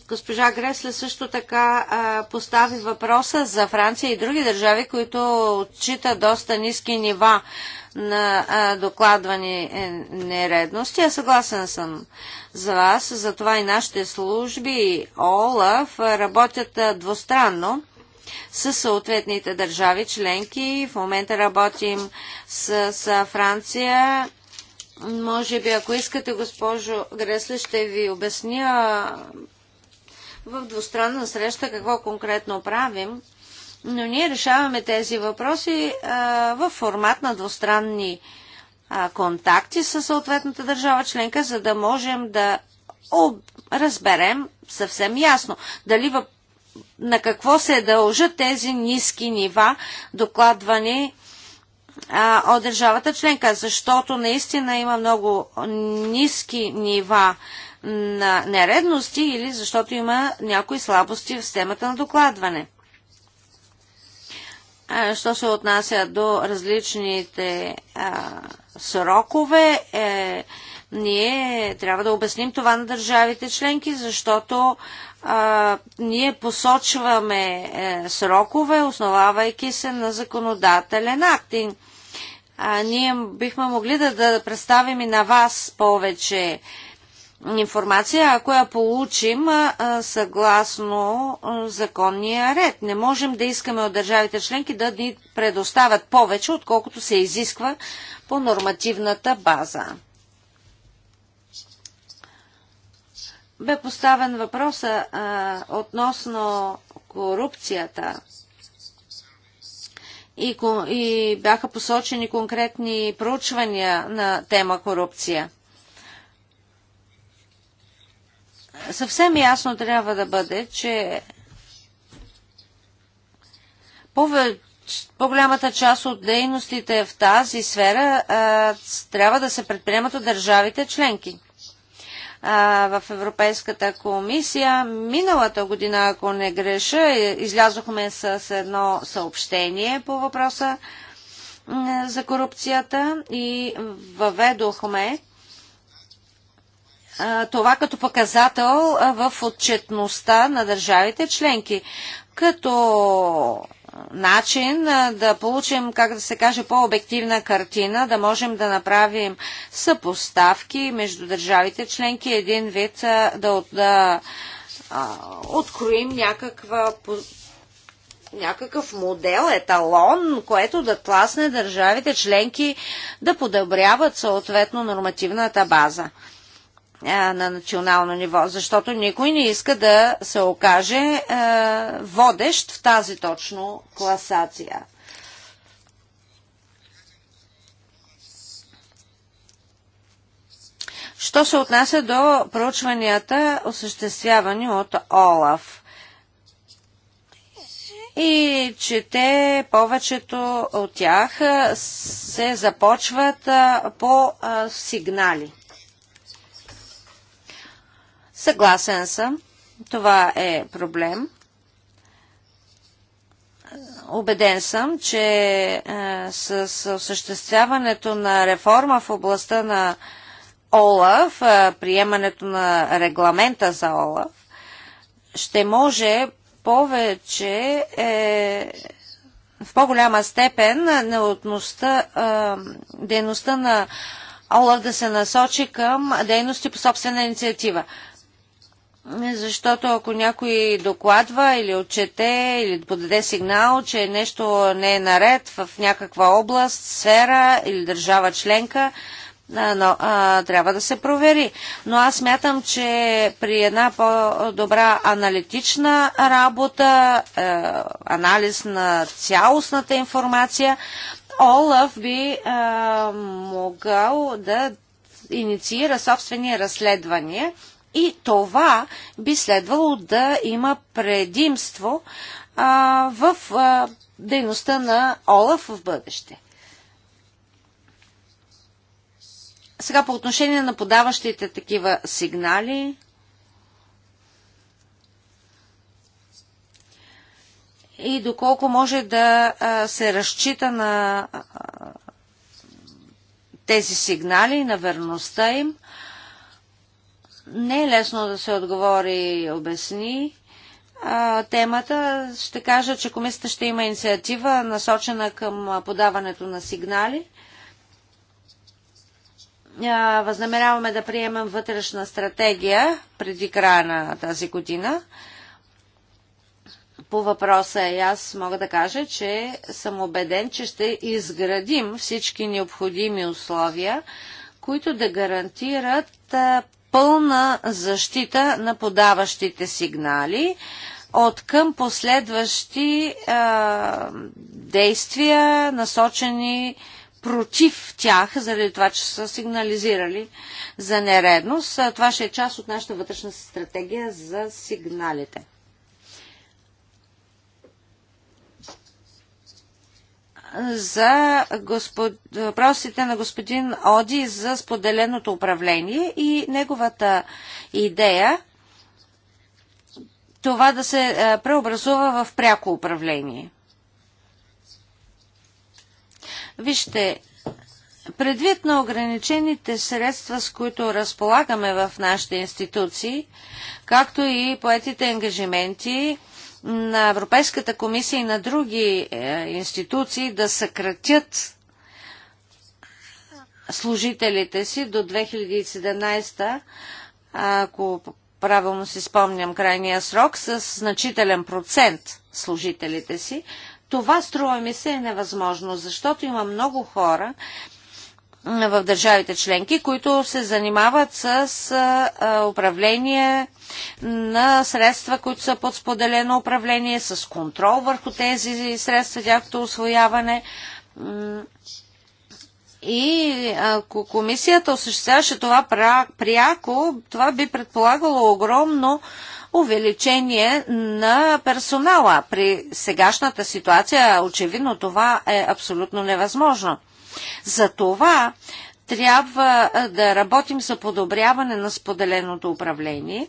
Госпожа Гресле също така а, постави въпроса за Франция и други държави, които отчита доста ниски нива на а, докладвани е, нередности. Аз съгласен съм за вас, затова и нашите служби и ОЛАФ работят двустранно с съответните държави членки. В момента работим с, с Франция може би, ако искате, госпожо Гресле, ще ви обясня в двустранна среща какво конкретно правим, но ние решаваме тези въпроси в формат на двустранни контакти с съответната държава членка, за да можем да разберем съвсем ясно дали в... на какво се дължат тези ниски нива, докладвани а, от държавата членка, защото наистина има много ниски нива на нередности или защото има някои слабости в системата на докладване. Що се отнася до различните а, срокове, е, ние трябва да обясним това на държавите членки, защото а, ние посочваме е, срокове, основавайки се на законодателен акт. И, а, ние бихме могли да, да представим и на вас повече информация, ако я получим съгласно законния ред. Не можем да искаме от държавите членки да ни предоставят повече, отколкото се изисква по нормативната база. Бе поставен въпроса а, относно корупцията и, и бяха посочени конкретни проучвания на тема корупция. Съвсем ясно трябва да бъде, че по-голямата част от дейностите в тази сфера а, трябва да се предприемат от държавите членки. А, в Европейската комисия миналата година, ако не греша, е, излязохме с едно съобщение по въпроса за корупцията и въведохме това като показател в отчетността на държавите членки. Като начин да получим, как да се каже, по-обективна картина, да можем да направим съпоставки между държавите членки, един вид да, да откроим някаква някакъв модел, еталон, което да тласне държавите членки да подобряват съответно нормативната база на национално ниво, защото никой не иска да се окаже водещ в тази точно класация. Що се отнася до проучванията, осъществявани от ОЛАФ? И че те, повечето от тях, се започват по сигнали. Съгласен съм. Това е проблем. Обеден съм, че е, с осъществяването на реформа в областта на ОЛАФ, е, приемането на регламента за ОЛАФ, ще може повече е, в по-голяма степен неотността, е, дейността на ОЛАФ да се насочи към дейности по собствена инициатива защото ако някой докладва или отчете или подаде сигнал, че нещо не е наред в някаква област, сфера или държава членка, но, а, трябва да се провери. Но аз мятам, че при една по-добра аналитична работа, е, анализ на цялостната информация, Олаф би е, могъл да инициира собствени разследвания и това би следвало да има предимство а, в а, дейността на Олаф в бъдеще. Сега по отношение на подаващите такива сигнали. И доколко може да а, се разчита на а, тези сигнали, на верността им не е лесно да се отговори и обясни а, темата. Ще кажа, че комисията ще има инициатива, насочена към подаването на сигнали. А, възнамеряваме да приемем вътрешна стратегия преди края на тази година. По въпроса и аз мога да кажа, че съм убеден, че ще изградим всички необходими условия, които да гарантират пълна защита на подаващите сигнали от към последващи а, действия, насочени против тях, заради това, че са сигнализирали за нередност. Това ще е част от нашата вътрешна стратегия за сигналите. за господ... въпросите на господин Оди за споделеното управление и неговата идея това да се е, преобразува в пряко управление. Вижте, предвид на ограничените средства, с които разполагаме в нашите институции, както и поетите ангажименти, на Европейската комисия и на други е, институции да съкратят служителите си до 2017, ако правилно си спомням крайния срок, с значителен процент служителите си. Това струва ми се е невъзможно, защото има много хора, в държавите членки, които се занимават с управление на средства, които са под споделено управление, с контрол върху тези средства, тяхното освояване. И ако комисията осъществяваше това пряко, това би предполагало огромно увеличение на персонала. При сегашната ситуация, очевидно, това е абсолютно невъзможно. За това трябва да работим за подобряване на споделеното управление.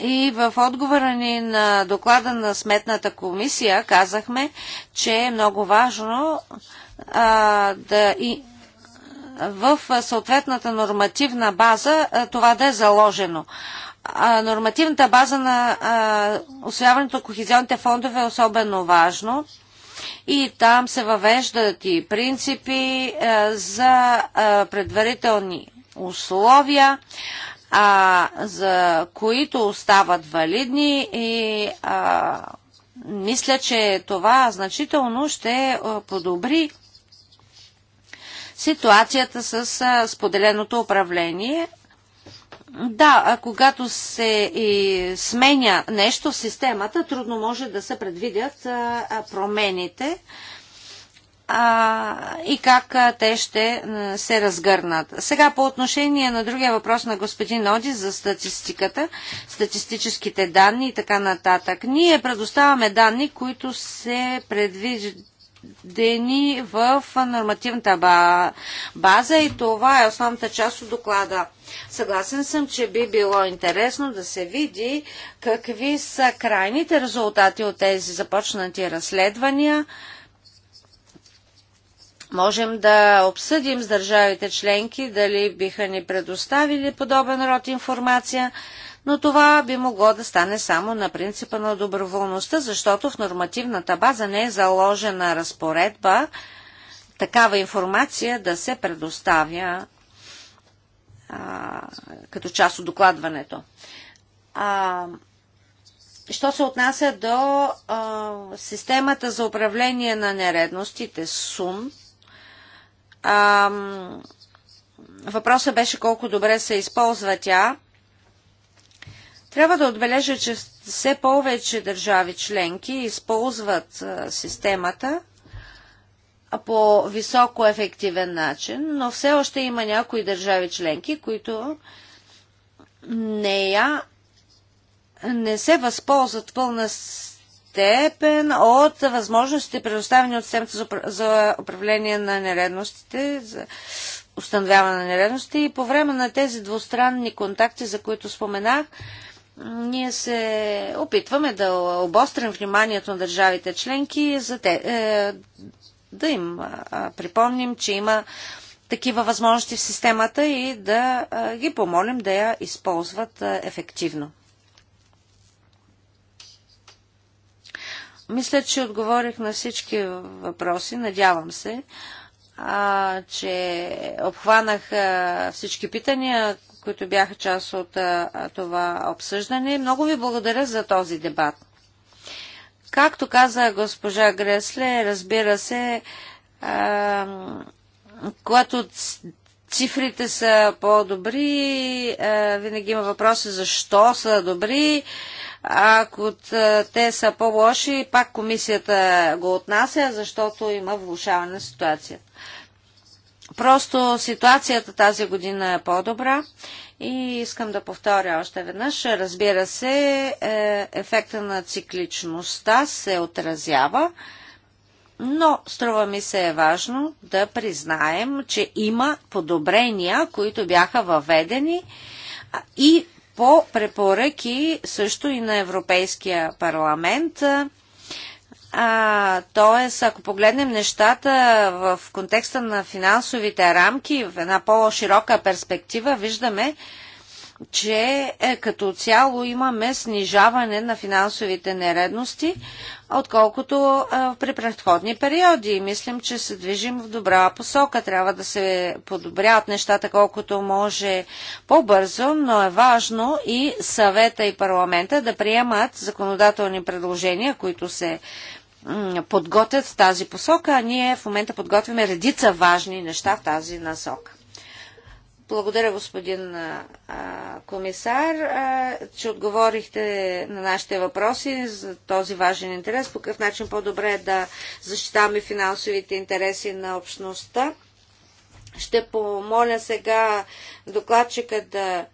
И в отговора ни на доклада на Сметната комисия казахме, че е много важно а, да и в съответната нормативна база а, това да е заложено нормативната база на освояването на кохизионните фондове е особено важно и там се въвеждат и принципи за предварителни условия, а, за които остават валидни и а, мисля, че това значително ще подобри ситуацията с споделеното управление да, а когато се и сменя нещо в системата, трудно може да се предвидят промените а, и как те ще се разгърнат. Сега по отношение на другия въпрос на господин Оди за статистиката, статистическите данни и така нататък. Ние предоставяме данни, които се предвиждат предвидени в нормативната база и това е основната част от доклада. Съгласен съм, че би било интересно да се види какви са крайните резултати от тези започнати разследвания. Можем да обсъдим с държавите членки дали биха ни предоставили подобен род информация, но това би могло да стане само на принципа на доброволността, защото в нормативната база не е заложена разпоредба такава информация да се предоставя а, като част от докладването. А, що се отнася до а, системата за управление на нередностите СУН, а, въпросът беше колко добре се използва тя. Трябва да отбележа, че все повече държави членки използват системата по високо ефективен начин, но все още има някои държави членки, които не я не се възползват пълна степен от възможностите, предоставени от системата за управление на нередностите, за установяване на нередности. И по време на тези двустранни контакти, за които споменах, ние се опитваме да обострим вниманието на държавите членки, за те, е, да им е, припомним, че има такива възможности в системата и да е, ги помолим да я използват е, ефективно. Мисля, че отговорих на всички въпроси, надявам се. Е, а, че обхванах а, всички питания, които бяха част от а, това обсъждане. Много ви благодаря за този дебат. Както каза госпожа Гресле, разбира се, а, когато цифрите са по-добри, винаги има въпроси защо са добри. А, ако те са по-лоши, пак комисията го отнася, защото има влушаване на ситуацията. Просто ситуацията тази година е по-добра и искам да повторя още веднъж. Разбира се, е, ефекта на цикличността се отразява, но струва ми се е важно да признаем, че има подобрения, които бяха въведени и по препоръки също и на Европейския парламент. тоест, ако погледнем нещата в контекста на финансовите рамки, в една по-широка перспектива, виждаме, че е, като цяло имаме снижаване на финансовите нередности, отколкото а, при предходни периоди. Мислим, че се движим в добра посока. Трябва да се подобряват нещата колкото може по-бързо, но е важно и съвета и парламента да приемат законодателни предложения, които се подготвят в тази посока, а ние в момента подготвяме редица важни неща в тази насока. Благодаря, господин а, комисар, а, че отговорихте на нашите въпроси за този важен интерес. По какъв начин по-добре е да защитаваме финансовите интереси на общността. Ще помоля сега докладчика да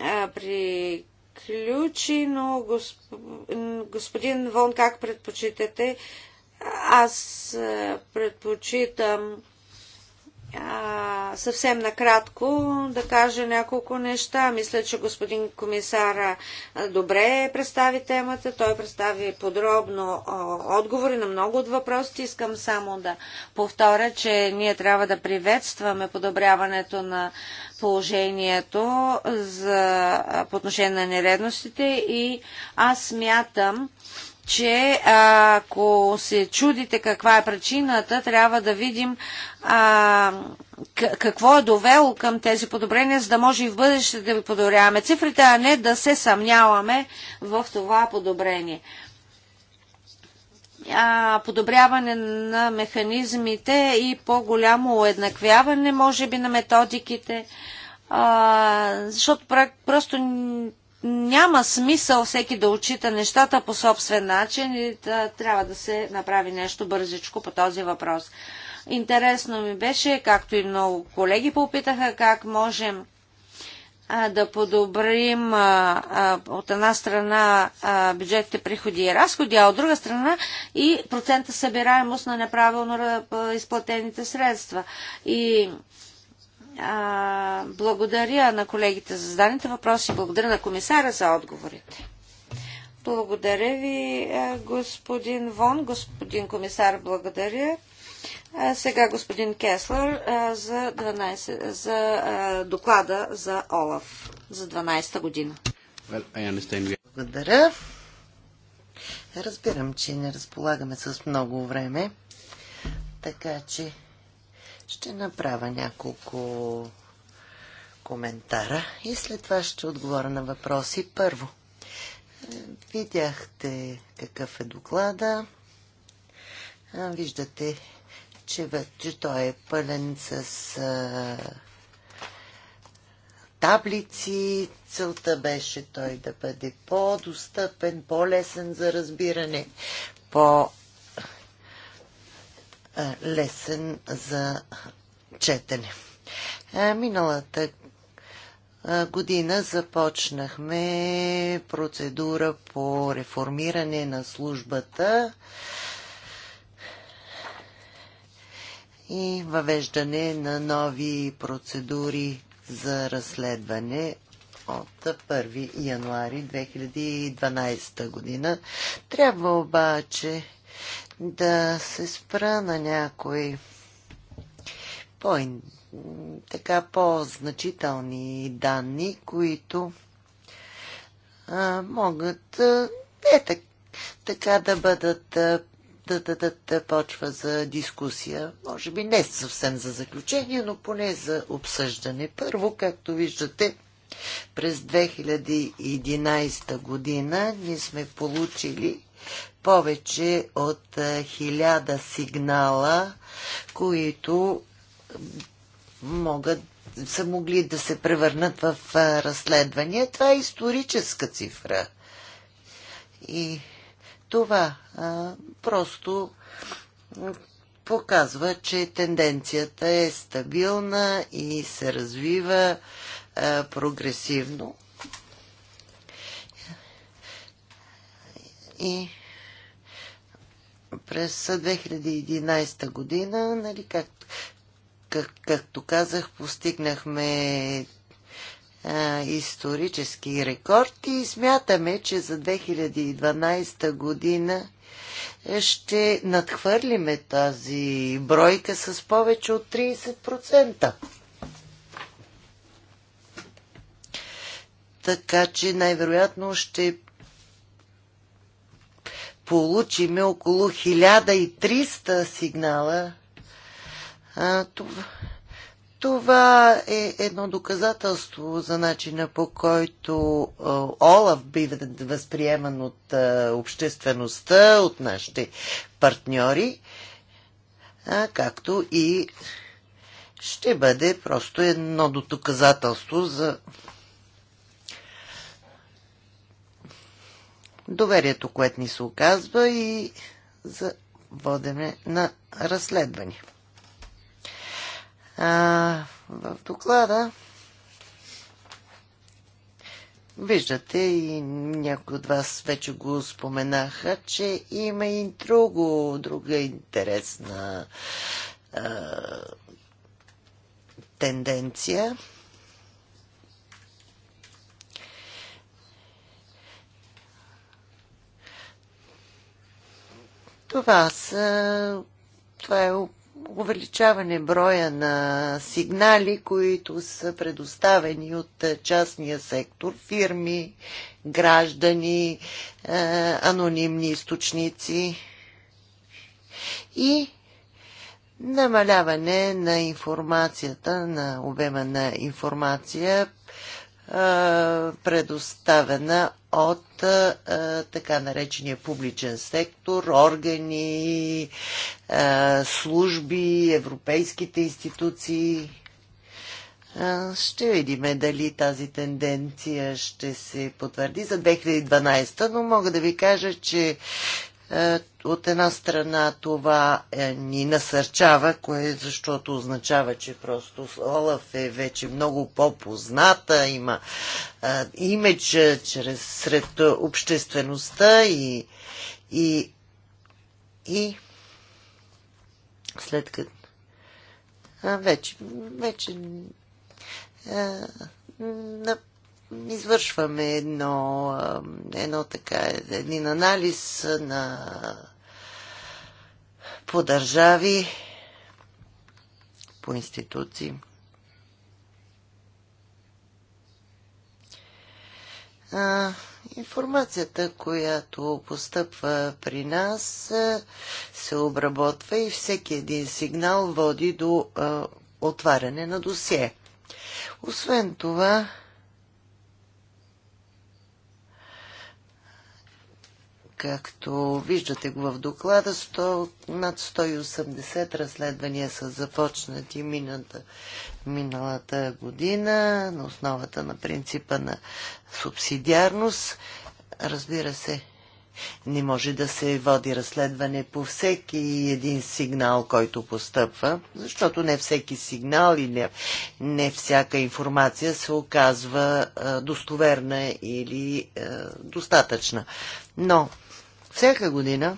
а, приключи, но госп... господин Вон, как предпочитате? Аз предпочитам съвсем накратко да кажа няколко неща. Мисля, че господин комисара добре представи темата. Той представи подробно отговори на много от въпросите. Искам само да повторя, че ние трябва да приветстваме подобряването на положението за, по отношение на нередностите и аз смятам, че ако се чудите каква е причината, трябва да видим а, какво е довело към тези подобрения, за да може и в бъдеще да ви подобряваме цифрите, а не да се съмняваме в това подобрение. А, подобряване на механизмите и по-голямо уеднаквяване, може би, на методиките, а, защото просто няма смисъл всеки да отчита нещата по собствен начин и да, трябва да се направи нещо бързичко по този въпрос. Интересно ми беше, както и много колеги попитаха, как можем а, да подобрим а, а, от една страна а, бюджетите приходи и разходи, а от друга страна и процента събираемост на неправилно изплатените средства. И а, благодаря на колегите за зададените въпроси. Благодаря на комисара за отговорите. Благодаря ви, господин Вон. Господин комисар, благодаря. А сега господин Кеслер за, 12, за а, доклада за ОЛАФ за 12-та година. Well, Благодаря. Разбирам, че не разполагаме с много време, така че ще направя няколко коментара и след това ще отговоря на въпроси. Първо, е, видяхте какъв е доклада. Виждате, че, че той е пълен с а, таблици. Целта беше той да бъде по-достъпен, по-лесен за разбиране, по е, лесен за четене. Е, миналата е, година започнахме процедура по реформиране на службата и въвеждане на нови процедури за разследване от 1 януари 2012 година. Трябва обаче да се спра на някои по, така по-значителни данни, които а, могат а, е так, така да бъдат а, да дадат почва за дискусия. Може би не съвсем за заключение, но поне за обсъждане. Първо, както виждате, през 2011 година ние сме получили повече от е, хиляда сигнала, които могат са могли да се превърнат в е, разследвания. Това е историческа цифра. И това а, е, просто показва, че тенденцията е стабилна и се развива а, прогресивно. И през 2011 година, нали, как, как, както казах, постигнахме а, исторически рекорд и смятаме, че за 2012 година ще надхвърлиме тази бройка с повече от 30%. Така че най-вероятно ще получиме около 1300 сигнала. А, това, това е едно доказателство за начина по който Олаф бива възприеман от обществеността, от нашите партньори, а, както и ще бъде просто едно доказателство за доверието, което ни се оказва и за водене на разследвания. А, в доклада виждате и някои от вас вече го споменаха, че има и друго, друга интересна а, тенденция Това, са, е, това е увеличаване броя на сигнали, които са предоставени от е, частния сектор, фирми, граждани, е, анонимни източници и намаляване на информацията, на обема на информация, предоставена от е, е, така наречения публичен сектор, органи, е, служби, европейските институции. ще видим дали тази тенденция ще се потвърди за 2012, но мога да ви кажа, че е, от една страна това е, ни насърчава, кое, защото означава, че просто Олаф е вече много по-позната, има е, имидж чрез, сред обществеността и, и, и след като вече, вече а, на извършваме едно, едно така, един анализ на по държави, по институции. А, информацията, която постъпва при нас, се обработва и всеки един сигнал води до а, отваряне на досие. Освен това, Както виждате го в доклада, 100, над 180 разследвания са започнати мината, миналата година на основата на принципа на субсидиарност. Разбира се, не може да се води разследване по всеки един сигнал, който постъпва, защото не всеки сигнал и не, не всяка информация се оказва а, достоверна или а, достатъчна. Но всяка година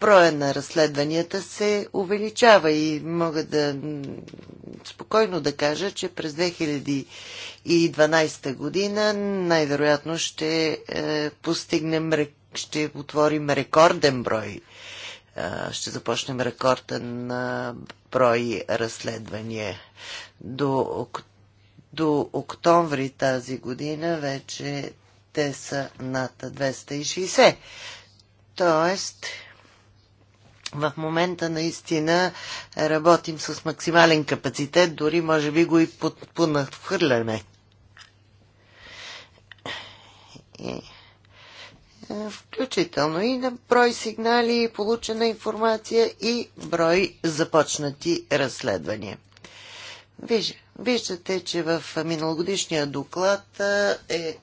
броя на разследванията се увеличава и мога да спокойно да кажа, че през 2012 година най-вероятно ще е, постигнем, ще отворим рекорден брой. Е, ще започнем рекорден брой разследвания. До, до октомври тази година вече те са над 260. Тоест, в момента наистина работим с максимален капацитет, дори може би го и понахвърляме. Е, включително и на брой сигнали, получена информация и брой започнати разследвания. Виж, виждате, че в миналогодишния доклад е, е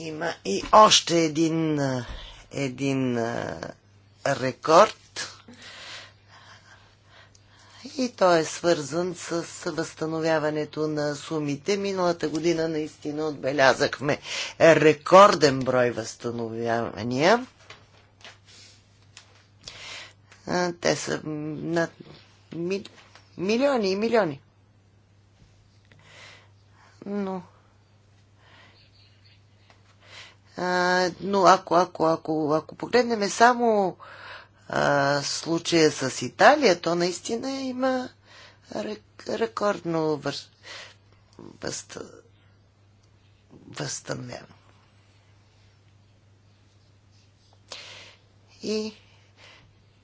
има и още един, един рекорд. И той е свързан с възстановяването на сумите. Миналата година наистина отбелязахме рекорден брой възстановявания. Те са над милиони и милиони. Но но ако, ако, ако, ако погледнем само а, случая с Италия, то наистина има рекордно въз... Въз... И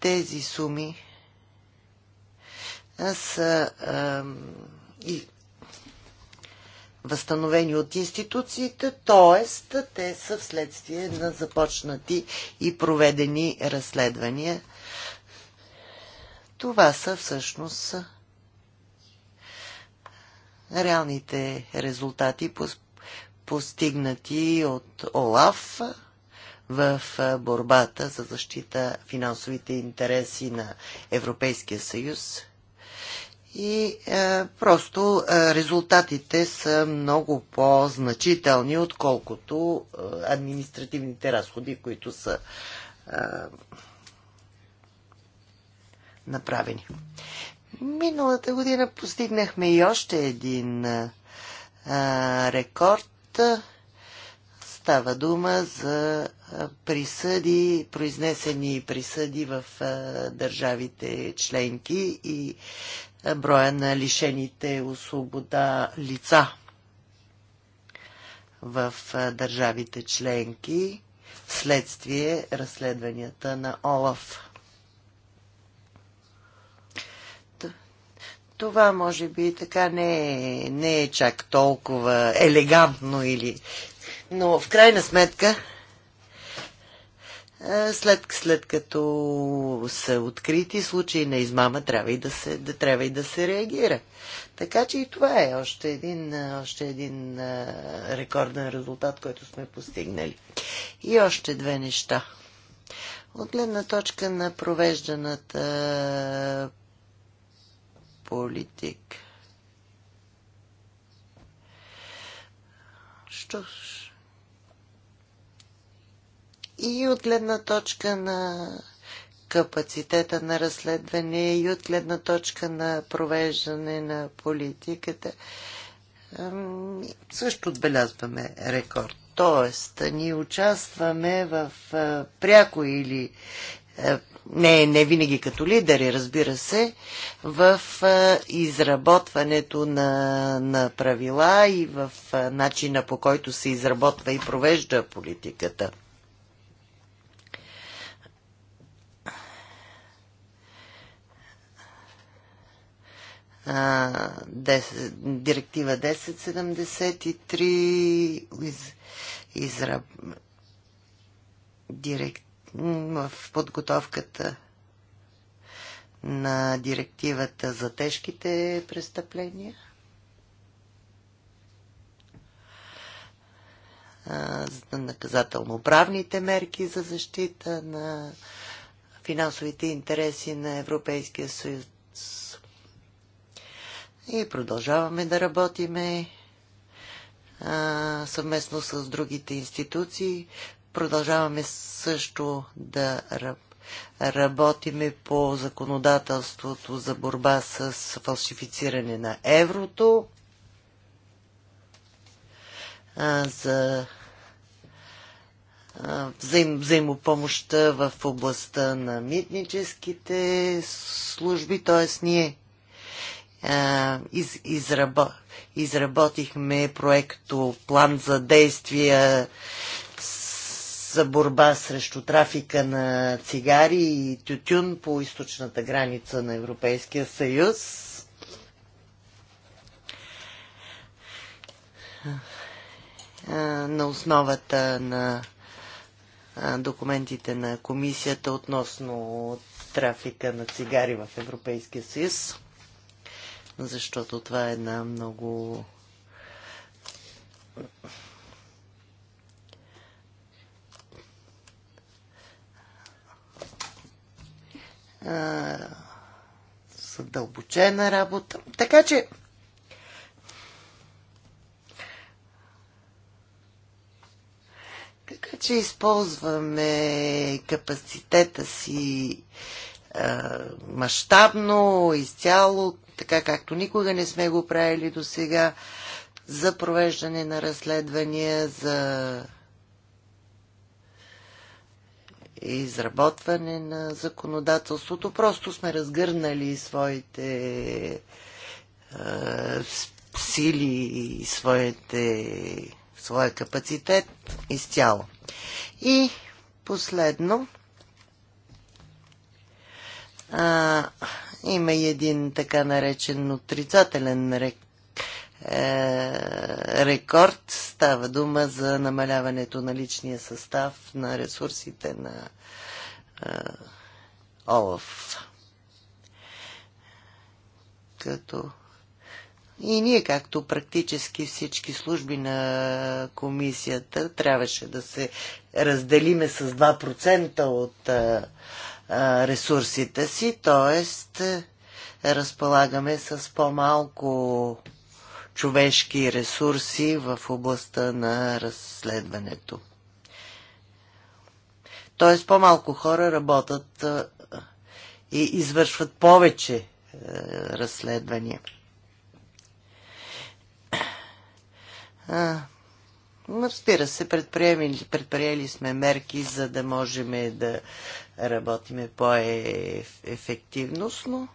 тези суми са а, и възстановени от институциите, т.е. те са вследствие на започнати и проведени разследвания. Това са всъщност реалните резултати постигнати от ОЛАФ в борбата за защита финансовите интереси на Европейския съюз и е, просто е, резултатите са много по-значителни, отколкото е, административните разходи, които са е, направени. Миналата година постигнахме и още един е, е рекорд. Става дума за е, присъди, произнесени присъди в е, държавите членки и броя на лишените освобода лица в държавите членки следствие разследванията на ОЛАФ. Това може би така не е, не е чак толкова елегантно или... Но в крайна сметка след, след като са открити случаи на измама, трябва и да се, да, трябва и да се реагира. Така че и това е още един, още един а, рекорден резултат, който сме постигнали. И още две неща. От гледна точка на провежданата политика. Що, и от гледна точка на капацитета на разследване и от гледна точка на провеждане на политиката. Също отбелязваме рекорд. Тоест, ние участваме в пряко или не, не винаги като лидери, разбира се, в изработването на, на правила и в начина по който се изработва и провежда политиката. 10, директива 1073 из, изра, директ, в подготовката на директивата за тежките престъпления. за наказателно-правните мерки за защита на финансовите интереси на Европейския съюз и продължаваме да работиме а, съвместно с другите институции. Продължаваме също да работиме по законодателството за борба с фалшифициране на еврото, а, за взаим, взаимопомощта в областта на митническите служби, т.е. ние е, из, израбо, изработихме проекто план за действия за борба срещу трафика на цигари и тютюн по източната граница на Европейския съюз. Е, на основата на е, документите на комисията относно трафика на цигари в Европейския съюз защото това е една много задълбочена работа. Така че Така че използваме капацитета си мащабно, изцяло, така както никога не сме го правили до сега, за провеждане на разследвания, за изработване на законодателството. Просто сме разгърнали своите е, сили и своите, своя капацитет изцяло. И последно, има и един така наречен отрицателен рек, е, рекорд. Става дума за намаляването на личния състав на ресурсите на е, ОЛАФ. Като и ние, както практически всички служби на комисията, трябваше да се разделиме с 2% от е, ресурсите си, т.е. разполагаме с по-малко човешки ресурси в областта на разследването. Т.е. по-малко хора работят и извършват повече е, разследвания. Разбира се, предприели сме мерки, за да можем да работиме по-ефективно, но...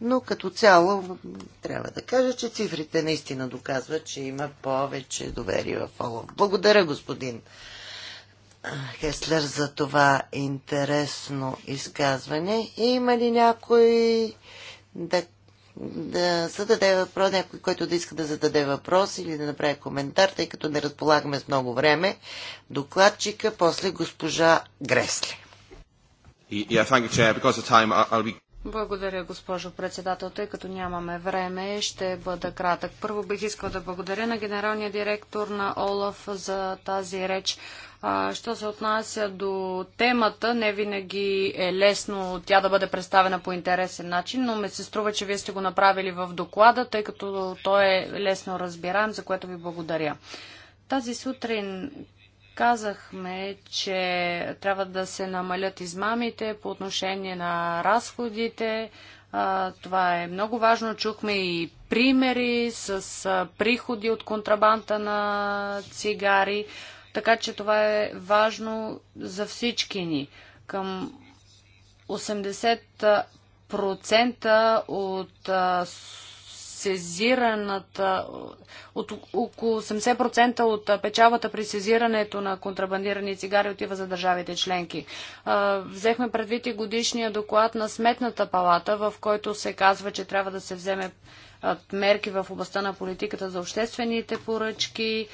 но като цяло трябва да кажа, че цифрите наистина доказват, че има повече доверие в ОЛАФ. Благодаря, господин Хеслер, за това интересно изказване. Има ли някой да да зададе въпрос, някой, който да иска да зададе въпрос или да направи коментар, тъй като не разполагаме с много време. Докладчика, после госпожа Гресли. благодаря, госпожо председател. Тъй като нямаме време, ще бъда кратък. Първо бих искал да благодаря на генералния директор на ОЛАФ за тази реч, а, що се отнася до темата, не винаги е лесно тя да бъде представена по интересен начин, но ме се струва, че вие сте го направили в доклада, тъй като той е лесно разбираем, за което ви благодаря. Тази сутрин казахме, че трябва да се намалят измамите по отношение на разходите. А, това е много важно. Чухме и примери с приходи от контрабанта на цигари. Така че това е важно за всички ни. Към 80% от а, сезираната, от около 80% от печалата при сезирането на контрабандирани цигари отива за държавите членки. Взехме предвид и годишния доклад на Сметната палата, в който се казва, че трябва да се вземе мерки в областта на политиката за обществените поръчки.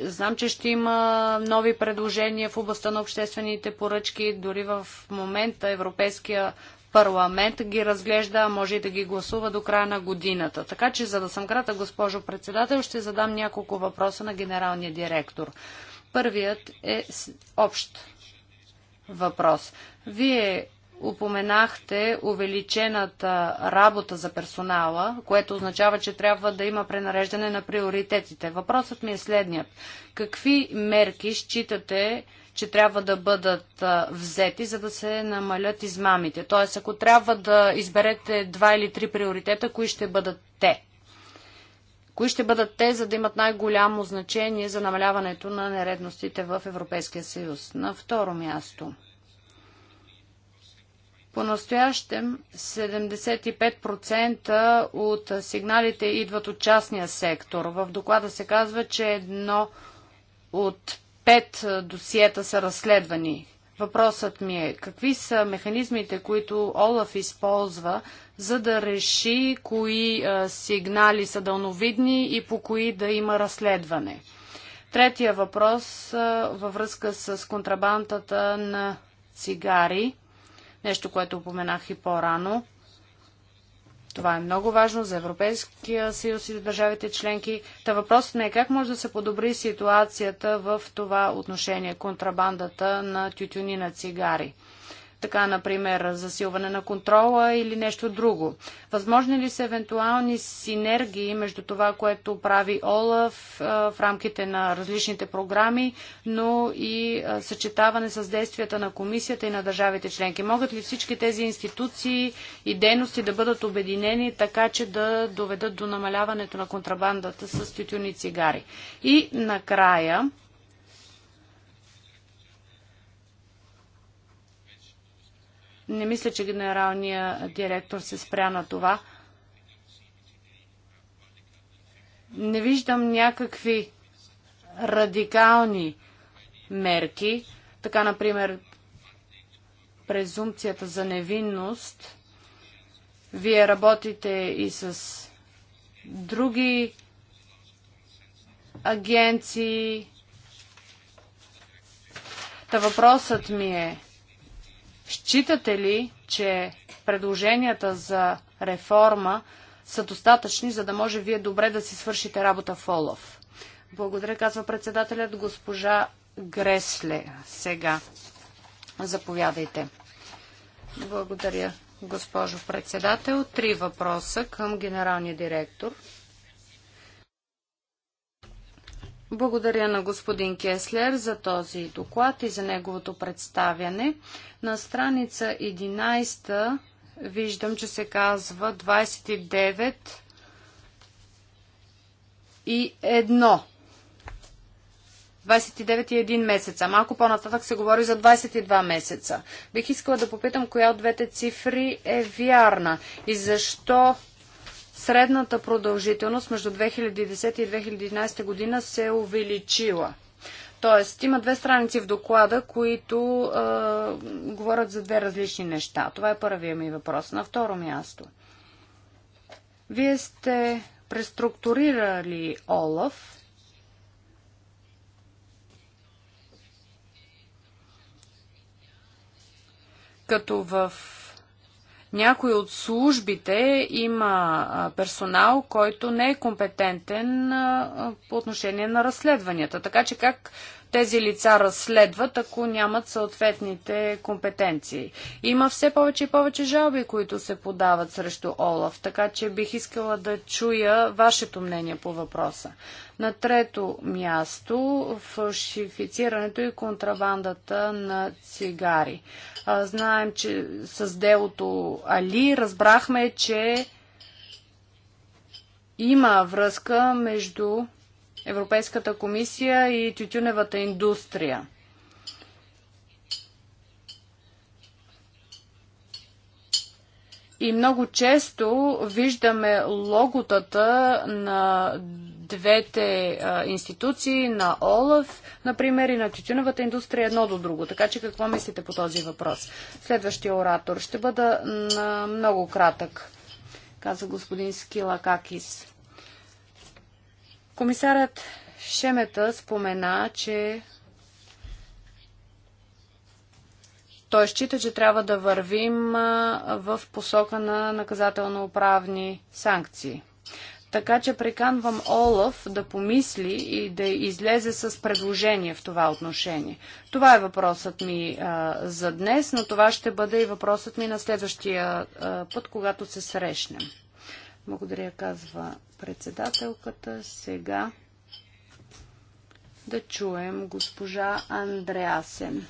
Знам, че ще има нови предложения в областта на обществените поръчки. Дори в момента Европейския парламент ги разглежда, а може и да ги гласува до края на годината. Така че, за да съм крата, госпожо председател, ще задам няколко въпроса на генералния директор. Първият е общ въпрос. Вие упоменахте увеличената работа за персонала, което означава, че трябва да има пренареждане на приоритетите. Въпросът ми е следният. Какви мерки считате, че трябва да бъдат взети, за да се намалят измамите? Тоест, ако трябва да изберете два или три приоритета, кои ще бъдат те? Кои ще бъдат те, за да имат най-голямо значение за намаляването на нередностите в Европейския съюз? На второ място – по-настоящем 75% от сигналите идват от частния сектор. В доклада се казва, че едно от пет досиета са разследвани. Въпросът ми е, какви са механизмите, които Олаф използва, за да реши кои а, сигнали са дълновидни и по кои да има разследване? Третия въпрос а, във връзка с контрабандата на цигари – нещо, което упоменах и по-рано. Това е много важно за Европейския съюз и за държавите членки. Та въпросът не е как може да се подобри ситуацията в това отношение, контрабандата на тютюни на цигари така например засилване на контрола или нещо друго. Възможни ли са евентуални синергии между това, което прави ОЛАФ в рамките на различните програми, но и съчетаване с действията на комисията и на държавите членки? Могат ли всички тези институции и дейности да бъдат обединени така, че да доведат до намаляването на контрабандата с тютюни цигари? И накрая, Не мисля, че генералният директор се спря на това. Не виждам някакви радикални мерки. Така, например, презумпцията за невинност. Вие работите и с други агенции. Та въпросът ми е, Считате ли, че предложенията за реформа са достатъчни, за да може вие добре да си свършите работа в Олов? Благодаря, казва председателят госпожа Гресле. Сега заповядайте. Благодаря, госпожо председател. Три въпроса към генералния директор. Благодаря на господин Кеслер за този доклад и за неговото представяне. На страница 11 виждам, че се казва 29 и 1. 29 и 1 месеца. Малко по-нататък се говори за 22 месеца. Бих искала да попитам коя от двете цифри е вярна и защо средната продължителност между 2010 и 2011 година се е увеличила. Тоест, има две страници в доклада, които а, е, говорят за две различни неща. Това е първия ми въпрос. На второ място. Вие сте преструктурирали Олаф. Като в някой от службите има персонал, който не е компетентен по отношение на разследванията. Така че как тези лица разследват, ако нямат съответните компетенции. Има все повече и повече жалби, които се подават срещу Олаф, така че бих искала да чуя вашето мнение по въпроса. На трето място фалшифицирането и контрабандата на цигари. Знаем, че с делото Али разбрахме, че има връзка между Европейската комисия и тютюневата индустрия. И много често виждаме логотата на двете а, институции, на ОЛАФ, например, и на тютюновата индустрия едно до друго. Така че какво мислите по този въпрос? Следващия оратор ще бъда на много кратък, каза господин Скила Какис. Комисарят Шемета спомена, че Той счита, че трябва да вървим в посока на наказателно-управни санкции. Така че приканвам Олаф да помисли и да излезе с предложение в това отношение. Това е въпросът ми а, за днес, но това ще бъде и въпросът ми на следващия а, път, когато се срещнем. Благодаря, казва председателката. Сега да чуем госпожа Андреасен.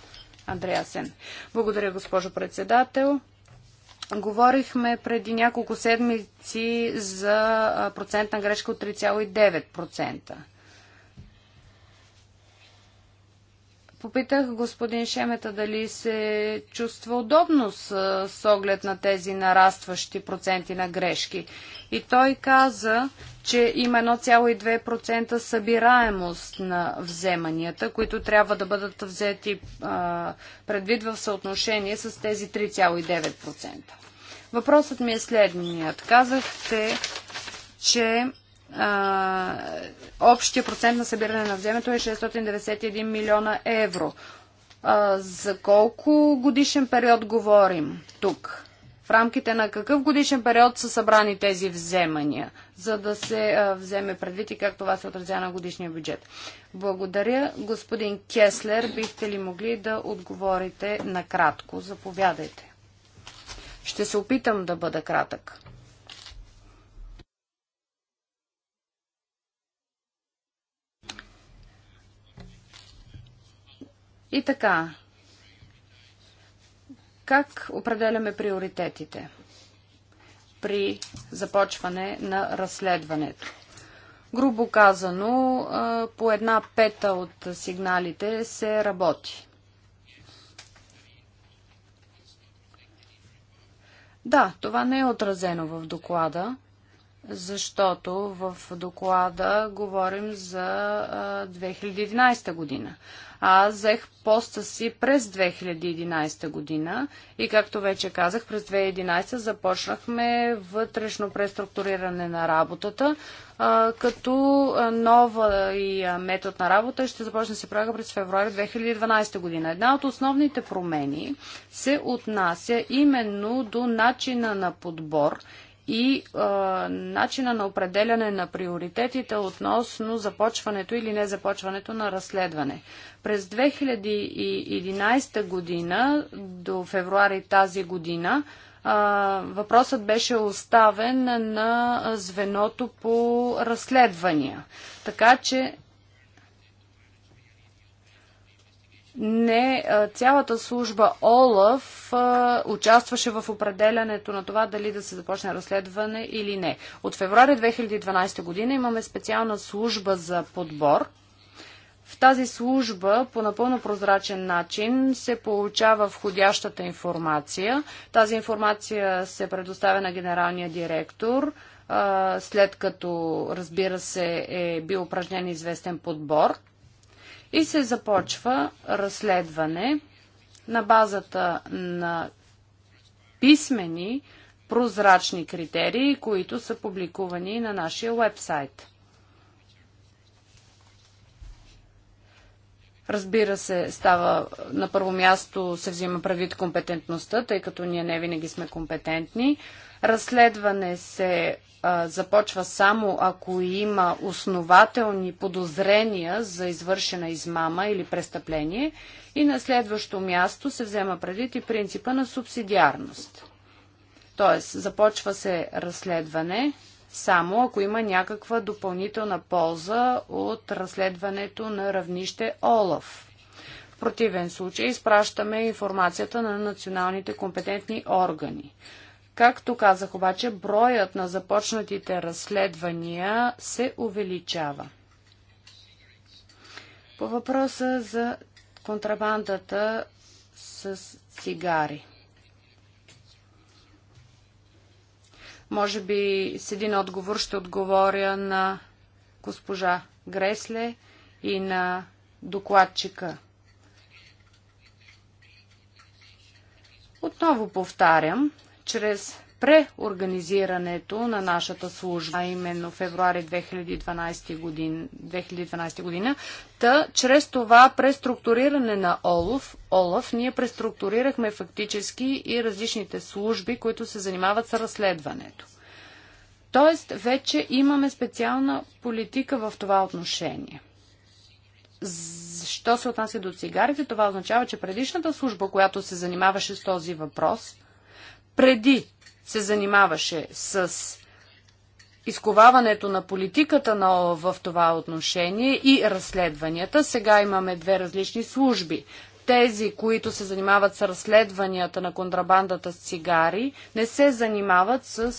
Андреасен. Благодаря, госпожо председател. Говорихме преди няколко седмици за процентна грешка от 3,9%. Попитах господин Шемета дали се чувства удобно с, с оглед на тези нарастващи проценти на грешки. И той каза, че има 1,2% събираемост на вземанията, които трябва да бъдат взети а, предвид в съотношение с тези 3,9%. Въпросът ми е следният. Казахте, че общия процент на събиране на вземето е 691 милиона евро. А, за колко годишен период говорим тук? В рамките на какъв годишен период са събрани тези вземания, за да се а, вземе предвид и как това се отразя на годишния бюджет? Благодаря. Господин Кеслер, бихте ли могли да отговорите накратко? Заповядайте. Ще се опитам да бъда кратък. И така, как определяме приоритетите при започване на разследването? Грубо казано, по една пета от сигналите се работи. Да, това не е отразено в доклада защото в доклада говорим за 2011 година. А аз взех поста си през 2011 година и както вече казах, през 2011 започнахме вътрешно преструктуриране на работата, като нова и метод на работа ще започне да се прага през февруари 2012 година. Една от основните промени се отнася именно до начина на подбор и а, начина на определяне на приоритетите относно започването или не започването на разследване. През 2011 година до февруари тази година а, въпросът беше оставен на звеното по разследвания. Така че не цялата служба ОЛАФ участваше в определянето на това дали да се започне разследване или не. От февруари 2012 година имаме специална служба за подбор. В тази служба по напълно прозрачен начин се получава входящата информация. Тази информация се предоставя на генералния директор, след като, разбира се, е бил упражнен известен подбор – и се започва разследване на базата на писмени прозрачни критерии, които са публикувани на нашия вебсайт. Разбира се, става на първо място се взима правит компетентността, тъй като ние не винаги сме компетентни. Разследване се започва само ако има основателни подозрения за извършена измама или престъпление и на следващо място се взема предвид и принципа на субсидиарност. Тоест, започва се разследване само ако има някаква допълнителна полза от разследването на равнище ОЛАВ. В противен случай изпращаме информацията на националните компетентни органи. Както казах обаче, броят на започнатите разследвания се увеличава. По въпроса за контрабандата с цигари. Може би с един отговор ще отговоря на госпожа Гресле и на докладчика. Отново повтарям, чрез преорганизирането на нашата служба, а именно февруари 2012 година, 2012 година. Та, чрез това преструктуриране на ОЛОВ, ОЛОВ, ние преструктурирахме фактически и различните служби, които се занимават с разследването. Тоест, вече имаме специална политика в това отношение. Що се отнася до цигарите, това означава, че предишната служба, която се занимаваше с този въпрос – преди се занимаваше с изковаването на политиката на ОЛАФ в това отношение и разследванията. Сега имаме две различни служби. Тези, които се занимават с разследванията на контрабандата с цигари, не се занимават с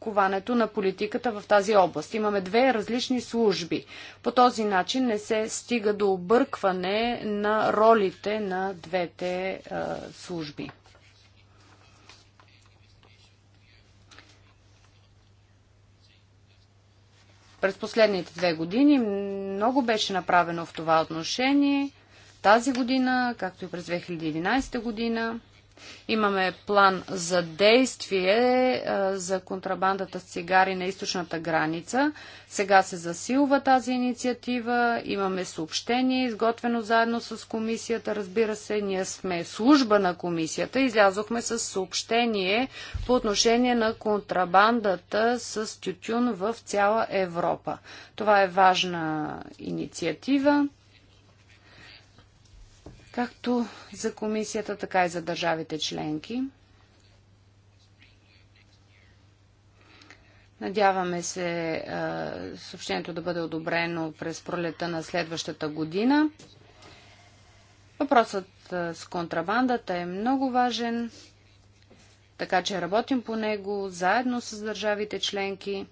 коването на политиката в тази област. Имаме две различни служби. По този начин не се стига до объркване на ролите на двете е, служби. През последните две години много беше направено в това отношение. Тази година, както и през 2011 година, Имаме план за действие за контрабандата с цигари на източната граница. Сега се засилва тази инициатива. Имаме съобщение, изготвено заедно с комисията. Разбира се, ние сме служба на комисията. Излязохме с съобщение по отношение на контрабандата с тютюн в цяла Европа. Това е важна инициатива както за комисията, така и за държавите членки. Надяваме се съобщението да бъде одобрено през пролета на следващата година. Въпросът с контрабандата е много важен, така че работим по него заедно с държавите членки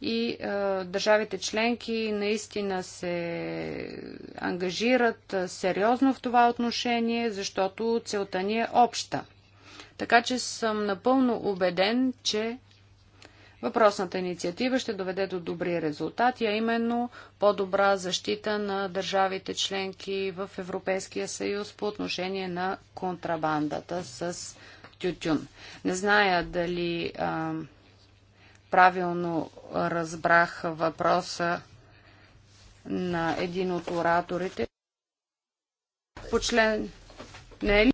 и а, държавите членки наистина се ангажират сериозно в това отношение, защото целта ни е обща. Така че съм напълно убеден, че въпросната инициатива ще доведе до добри резултати, а именно по-добра защита на държавите членки в Европейския съюз по отношение на контрабандата с тютюн. Не зная дали. А, правилно разбрах въпроса на един от ораторите. По член... Не е ли?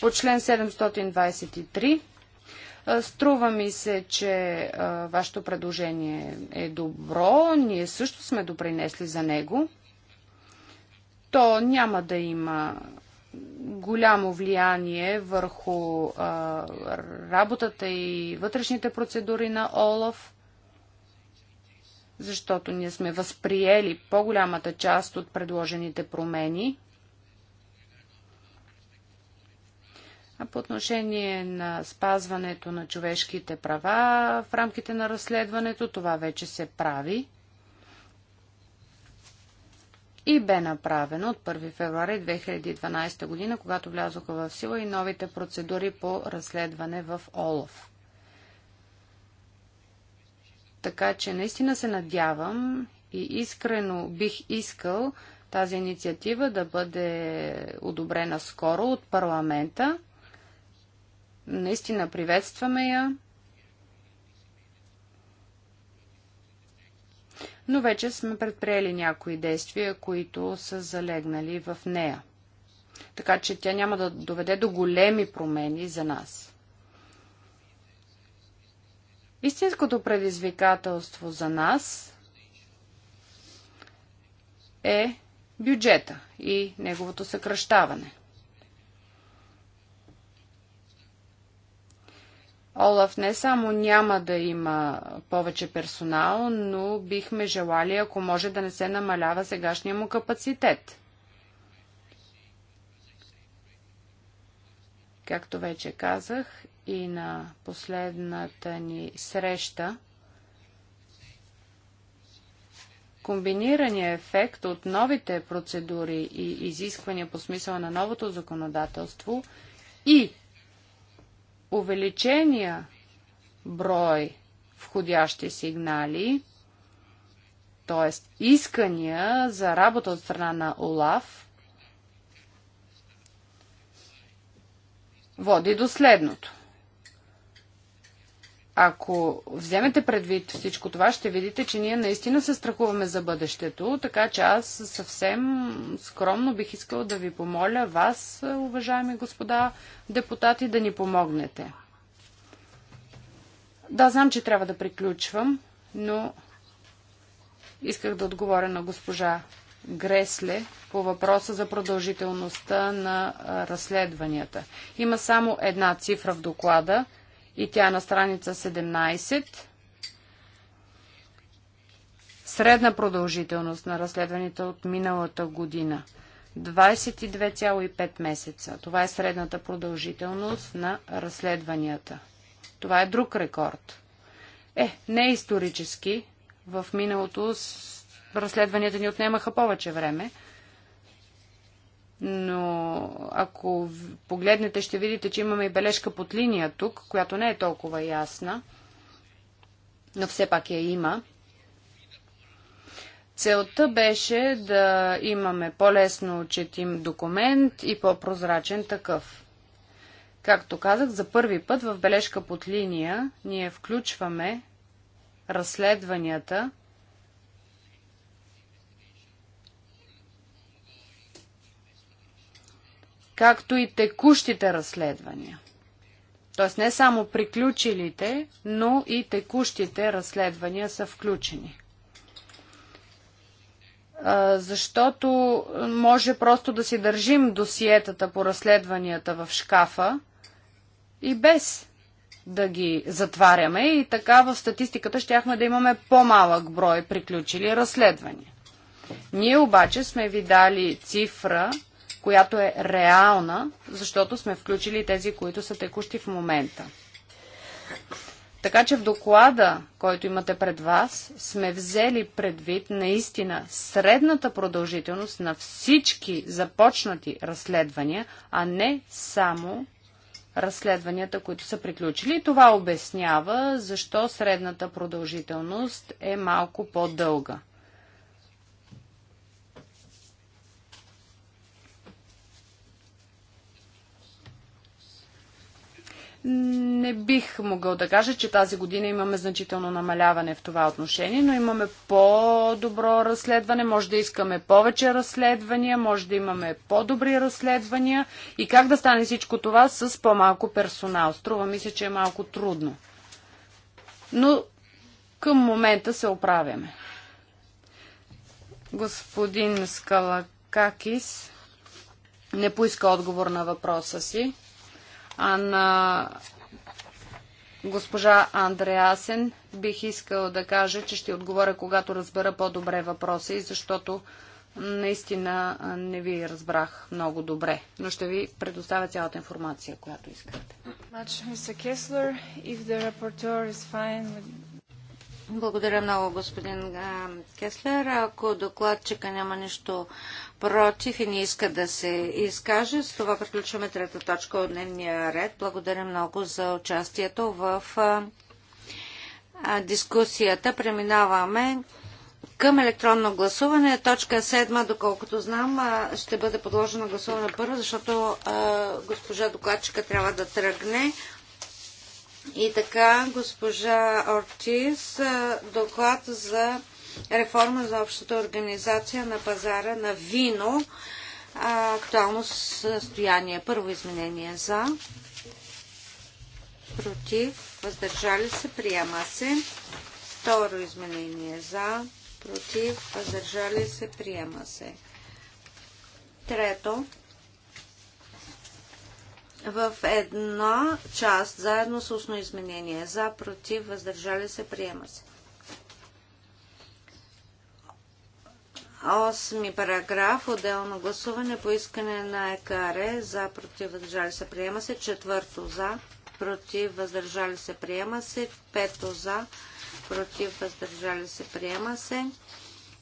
По член 723 Струва ми се, че а, вашето предложение е добро. Ние също сме допринесли за него. То няма да има голямо влияние върху а, работата и вътрешните процедури на ОЛАФ, защото ние сме възприели по-голямата част от предложените промени. А по отношение на спазването на човешките права в рамките на разследването, това вече се прави и бе направено от 1 февруари 2012 година, когато влязоха в сила и новите процедури по разследване в ОЛОВ. Така че наистина се надявам и искрено бих искал тази инициатива да бъде одобрена скоро от парламента. Наистина приветстваме я но вече сме предприели някои действия, които са залегнали в нея. Така че тя няма да доведе до големи промени за нас. Истинското предизвикателство за нас е бюджета и неговото съкръщаване – Олаф не само няма да има повече персонал, но бихме желали, ако може да не се намалява сегашния му капацитет. Както вече казах и на последната ни среща, комбинирания ефект от новите процедури и изисквания по смисъла на новото законодателство и увеличения брой входящи сигнали, т.е. искания за работа от страна на ОЛАВ, води до следното. Ако вземете предвид всичко това, ще видите, че ние наистина се страхуваме за бъдещето, така че аз съвсем скромно бих искал да ви помоля вас, уважаеми господа депутати, да ни помогнете. Да, знам, че трябва да приключвам, но исках да отговоря на госпожа Гресле по въпроса за продължителността на разследванията. Има само една цифра в доклада – и тя е на страница 17. Средна продължителност на разследваните от миналата година 22,5 месеца. Това е средната продължителност на разследванията. Това е друг рекорд. Е, не исторически. В миналото разследванията ни отнемаха повече време, но ако погледнете, ще видите, че имаме и бележка под линия тук, която не е толкова ясна, но все пак я има. Целта беше да имаме по-лесно четим документ и по-прозрачен такъв. Както казах, за първи път в бележка под линия ние включваме разследванията, както и текущите разследвания. Тоест не само приключилите, но и текущите разследвания са включени. Защото може просто да си държим досиетата по разследванията в шкафа и без да ги затваряме и така в статистиката щяхме да имаме по-малък брой приключили разследвания. Ние обаче сме ви дали цифра която е реална, защото сме включили тези, които са текущи в момента. Така че в доклада, който имате пред вас, сме взели предвид наистина средната продължителност на всички започнати разследвания, а не само разследванията, които са приключили. И това обяснява защо средната продължителност е малко по-дълга. Не бих могъл да кажа, че тази година имаме значително намаляване в това отношение, но имаме по-добро разследване, може да искаме повече разследвания, може да имаме по-добри разследвания и как да стане всичко това с по-малко персонал. Струва ми се, че е малко трудно. Но към момента се оправяме. Господин Скалакакис не поиска отговор на въпроса си на госпожа Андреасен бих искал да кажа, че ще отговоря, когато разбера по-добре въпроса и защото наистина не ви разбрах много добре, но ще ви предоставя цялата информация, която искате. Благодаря много, господин Кеслер. Ако докладчика няма нищо против и не иска да се изкаже, с това приключваме трета точка от дневния ред. Благодаря много за участието в дискусията. Преминаваме към електронно гласуване. Точка 7, доколкото знам, ще бъде подложена гласуване първо, защото госпожа докладчика трябва да тръгне. И така, госпожа Ортис, доклад за реформа за общата организация на пазара на вино, актуално състояние. Първо изменение за, против, въздържали се, приема се. Второ изменение за, против, въздържали се, приема се. Трето, в една част, заедно с устно изменение. За, против, въздържали се, приема се. Осми параграф, отделно гласуване по искане на ЕКАРЕ, за, против, въздържали се, приема се. Четвърто за, против, въздържали се, приема се. Пето за, против, въздържали се, приема се.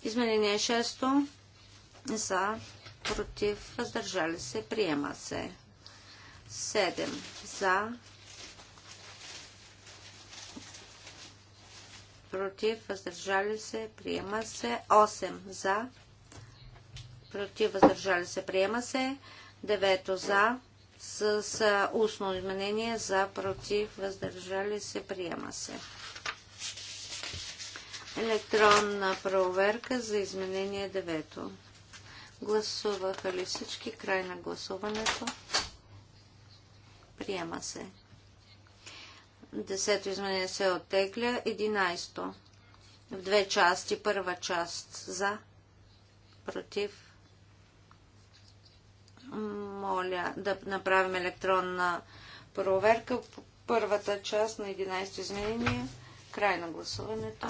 Изменение 6 за, против, въздържали се, приема се. 7 за, против, въздържали се, приема се. 8 за, против, въздържали се, приема се. 9 за, с, с устно изменение за, против, въздържали се, приема се. Електронна проверка за изменение 9. Гласуваха ли всички? Край на гласуването. Приема се. Десето изменение се оттегля. Единайсто. В две части. Първа част за. Против. Моля да направим електронна проверка. Първата част на 11 изменение. Край на гласуването.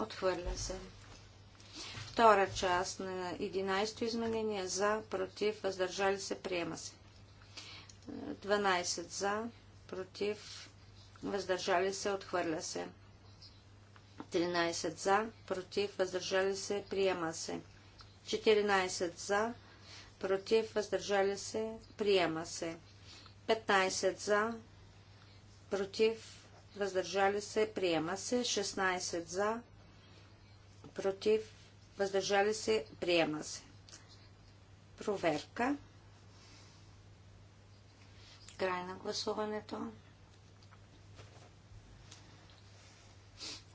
Отхвърля се. Втора част на 11 изменение. За, против, въздържали се, приема се. 12 за, против, въздържали се, отхвърля се. 13 за, против, въздържали се, приема се. 14 за, против, въздържали се, приема се. 15 за, против, въздържали се, приема се. 16 за, против, въздържали се, приема се. Проверка. Край на гласуването.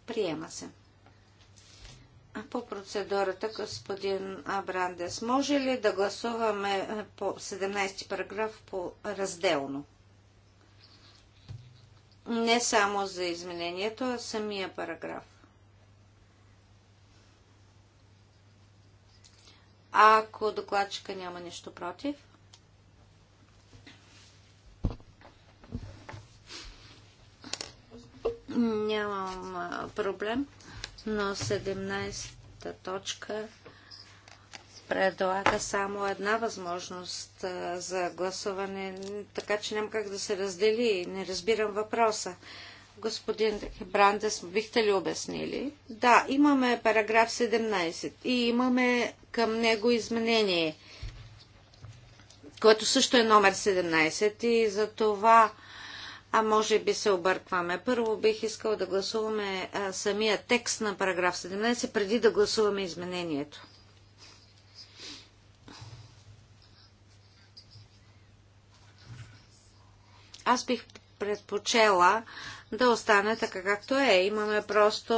Приема се. А по процедурата, господин Абрандес, може ли да гласуваме по 17 параграф по разделно? Не само за изменението, а самия параграф. Ако докладчика няма нищо против, Нямам проблем, но 17-та точка предлага само една възможност за гласуване, така че няма как да се раздели. Не разбирам въпроса. Господин Брандес, бихте ли обяснили? Да, имаме параграф 17 и имаме към него изменение, което също е номер 17 и за това а може би се объркваме. Първо бих искал да гласуваме а, самия текст на параграф 17, преди да гласуваме изменението. Аз бих предпочела да остане така както е. Имаме просто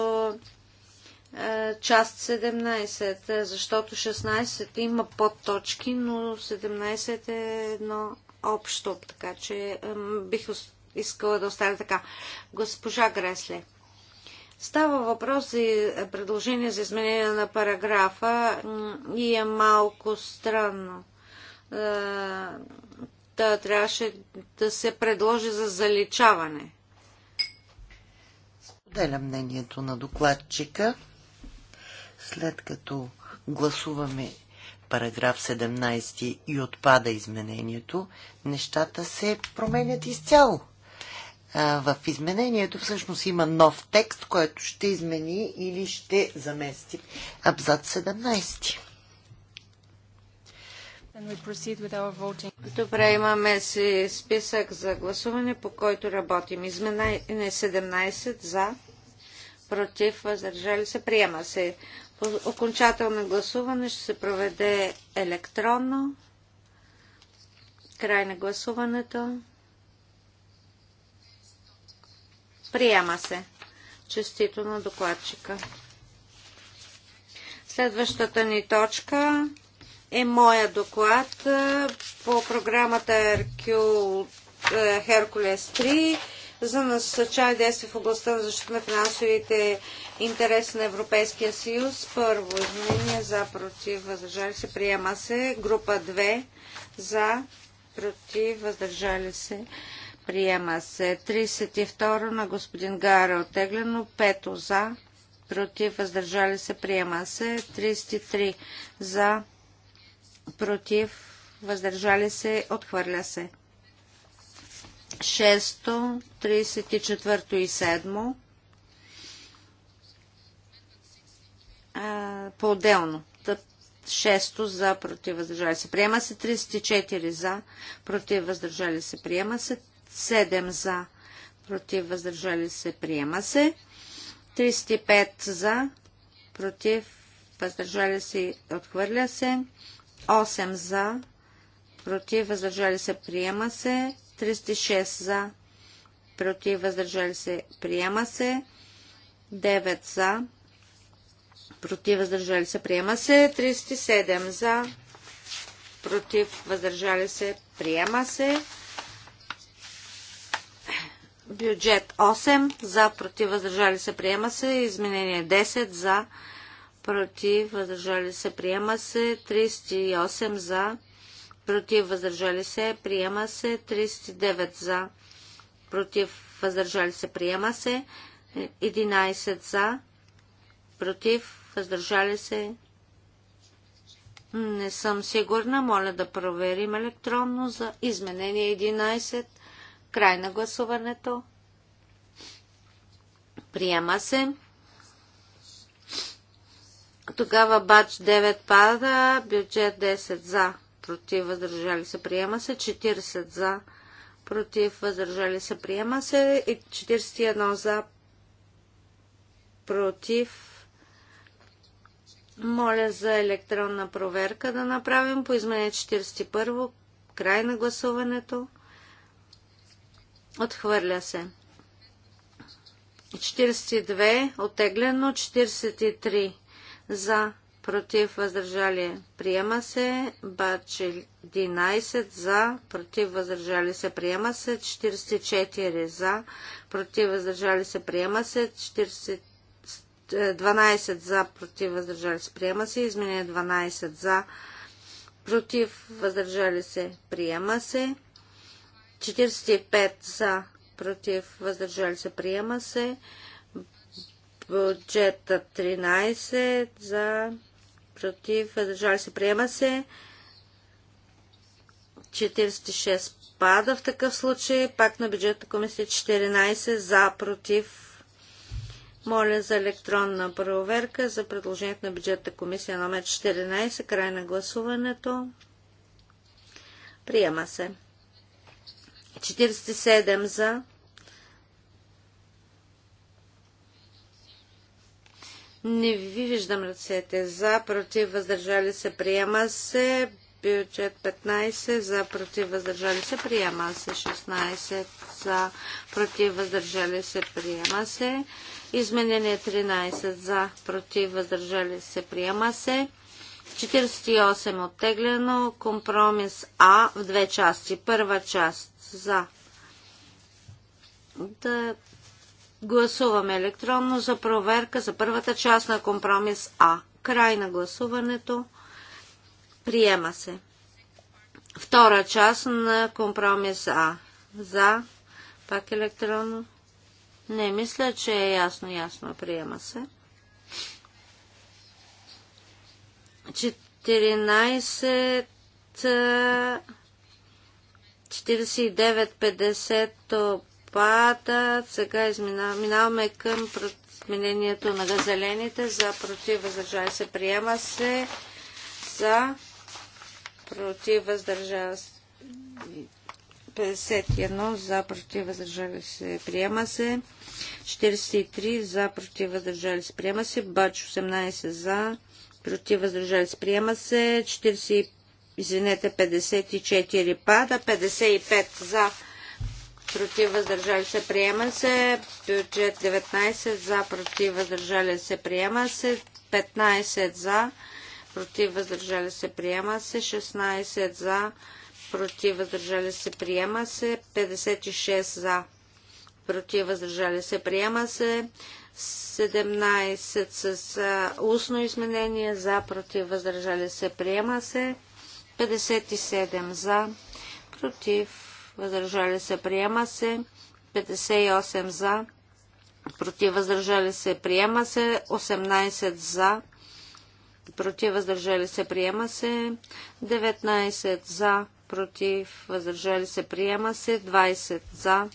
част 17, защото 16 има подточки, но 17 е едно общо, така че бих искала да остане така. Госпожа Гресле. Става въпрос за предложение за изменение на параграфа и е малко странно. Е, та трябваше да се предложи за заличаване. Споделя мнението на докладчика. След като гласуваме параграф 17 и отпада изменението, нещата се променят изцяло в изменението всъщност има нов текст, който ще измени или ще замести абзац 17. Добре, имаме си списък за гласуване, по който работим. Измене 17 за, против, въздържали се, приема се. По окончателно гласуване ще се проведе електронно. Край на гласуването. Приема се. Честито на докладчика. Следващата ни точка е моя доклад по програмата Hercules 3 за насъчай действия в областта на защита на финансовите интереси на Европейския съюз. Първо изменение за против въздържали се. Приема се. Група 2 за против въздържали се. Приема се 32 на господин Гара оттеглено, 5 за, против, въздържали се, приема се 33 за, против, въздържали се, отхвърля се. 6, 34 и 7 по-отделно. 6 за, против, въздържали се, приема се 34 за, против, въздържали се, приема се 7 за, против, въздържали се, приема се. 35 за, против, въздържали се, отхвърля се. 8 за, против, въздържали се, приема се. 36 за, против, въздържали се, приема се. 9 за, против, въздържали се, приема се. 37 за, против, въздържали се, приема се. Бюджет 8 за против въздържали се приема се. Изменение 10 за против въздържали се приема се. 38 за против въздържали се приема се. 39 за против въздържали се приема се. 11 за против въздържали се. Не съм сигурна. Моля да проверим електронно за изменение 11. Край на гласуването. Приема се. Тогава бач 9 пада, бюджет 10 за, против, въздържали се, приема се, 40 за, против, въздържали се, приема се и 41 за, против. Моля за електронна проверка да направим по измене 41, край на гласуването. Отхвърля се. 42. Оттеглено. 43. За. Против. Въздържали. Приема се. Бачи 11. За. Против. Въздържали се. Приема се. 44. За. Против. Въздържали се. Приема се. 40... 12 за, против, въздържали се, приема се. Изменение 12 за, против, въздържали се, приема се. 45 за, против, въздържали се, приема се. Бюджета 13 за, против, въздържали се, приема се. 46 пада в такъв случай. Пак на бюджетна комисия 14 за, против. Моля за електронна проверка за предложението на бюджетна комисия номер 14. Край на гласуването. Приема се. 47 за. Не ви виждам ръцете. За, против, въздържали се, приема се. Бюджет 15 за, против, въздържали се, приема се. 16 за, против, въздържали се, приема се. Изменение 13 за, против, въздържали се, приема се. 48 оттеглено. Компромис А в две части. Първа част за. Да гласуваме електронно за проверка за първата част на компромис А. Край на гласуването. Приема се. Втора част на компромис А. За. Пак електронно. Не, мисля, че е ясно, ясно. Приема се. 14 49-50 пада. Сега минаваме към изменението на газелените. За против въздържава се приема се. За против въздържава се. 51 за против въздържали се приема се. 43 за против въздържали се приема се. Бач 18 за против въздържали се приема се. 45 Извинете, 54 пада, 55 за, против, въздържали се, приема се. Бюджет 19 за, против, въздържали се, приема се. 15 за, против, въздържали се, приема се. 16 за, против, въздържали се, приема се. 56 за, против, въздържали се, приема се. 17 с устно изменение, за, против, въздържали се, приема се. 57 за, против, въздържали се, приема се. 58 за, против, въздържали се, приема се. 18 за, против, въздържали се, приема се. 19 за, против, въздържали се, приема се. 20 за,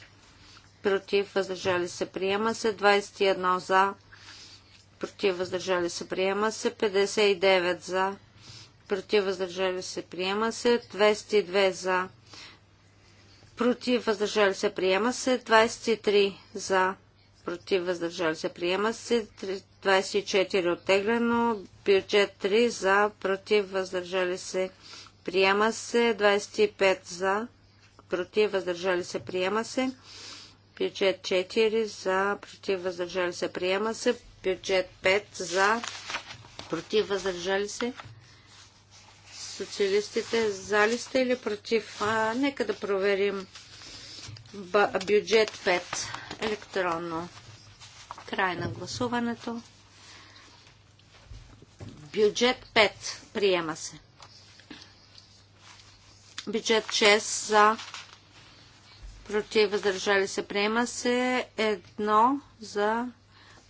против, въздържали се, приема се. 21 за, против, въздържали се, приема се. 59 за, против, въздържали се, приема се. 202 за, против, въздържали се, приема се. 23 за, против, въздържали се, приема се. 24 оттеглено. Бюджет 3 за, против, въздържали се, приема се. 25 за, против, въздържали се, приема се. Бюджет 4 за, против, въздържали се, приема се. Бюджет 5 за, против, въздържали се, социалистите. За ли сте или против? А, нека да проверим бюджет 5 електронно. Край на гласуването. Бюджет 5 приема се. Бюджет 6 за против въздържали се приема се. Едно за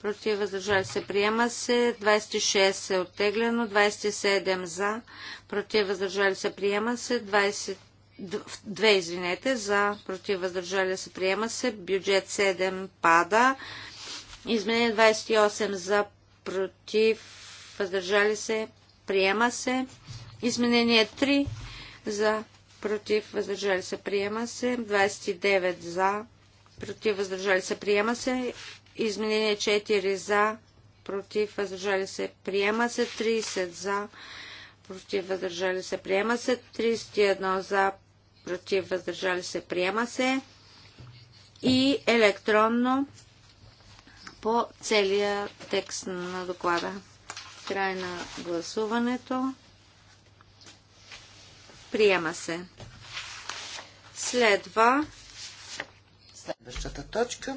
против, въздържали се, приема се. 26 е оттеглено, 27 за, против, въздържали се, приема се. 22, 2, извинете, за, против, въздържали се, приема се. Бюджет 7 пада. Изменение 28 за, против, въздържали се, приема се. Изменение 3 за, против, въздържали се, приема се. 29 за, против, въздържали се, приема се. Изменение 4 за, против, въздържали се, приема се 30 за, против, въздържали се, приема се 31 за, против, въздържали се, приема се и електронно по целия текст на доклада. Край на гласуването. Приема се. Следва следващата точка.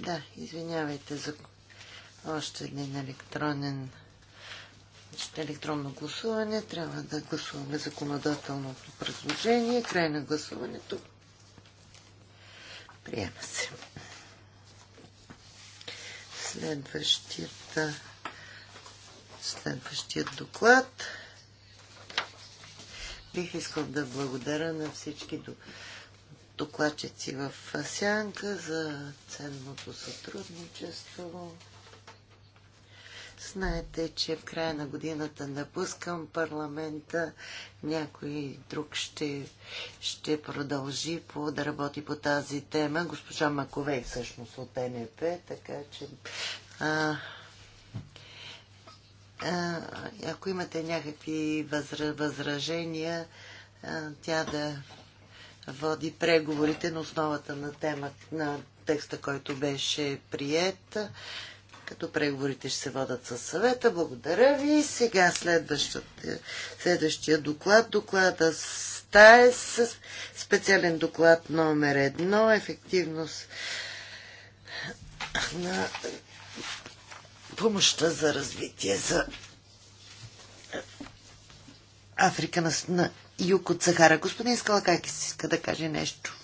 Да, извинявайте за още един електронен електронно гласуване. Трябва да гласуваме законодателното предложение. Край на гласуването. Приема се. Следващията следващият доклад. Бих искал да благодаря на всички до докладчици в Сянка за ценното сътрудничество. Знаете, че в края на годината напускам парламента. Някой друг ще, ще продължи по, да работи по тази тема. Госпожа Маковей всъщност от НП, така че а, а, ако имате някакви възра, възражения, а, тя да води преговорите на основата на тема на текста, който беше прият, като преговорите ще се водат със съвета. Благодаря ви. Сега следващия доклад, доклада с специален доклад номер едно, ефективност на помощта за развитие за Африка на, на Юко Цахара. Сахара. Господин Скалакакис иска да каже нещо.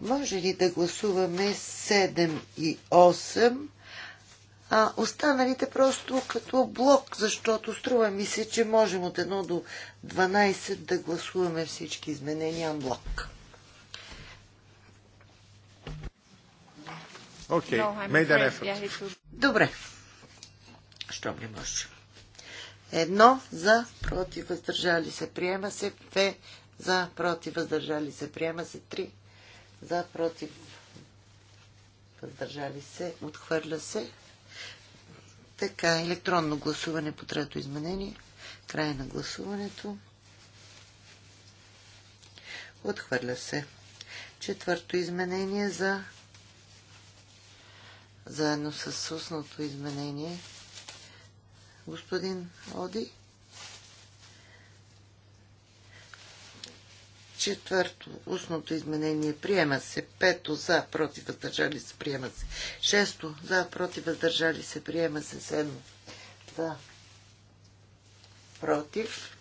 Може ли да гласуваме 7 и 8, а останалите просто като блок, защото струва ми се, че можем от 1 до 12 да гласуваме всички изменения блок. Окей, okay. no, Добре. Щом ми може. Едно за против въздържали се приема се. Две за против въздържали се приема се. Три за против въздържали се. Отхвърля се. Така, електронно гласуване по трето изменение. Край на гласуването. Отхвърля се. Четвърто изменение за заедно с устното изменение господин Оди. Четвърто, устното изменение приема се. Пето, за, против, въздържали се, приема се. Шесто, за, против, въздържали се, приема се. Седмо, Да. против.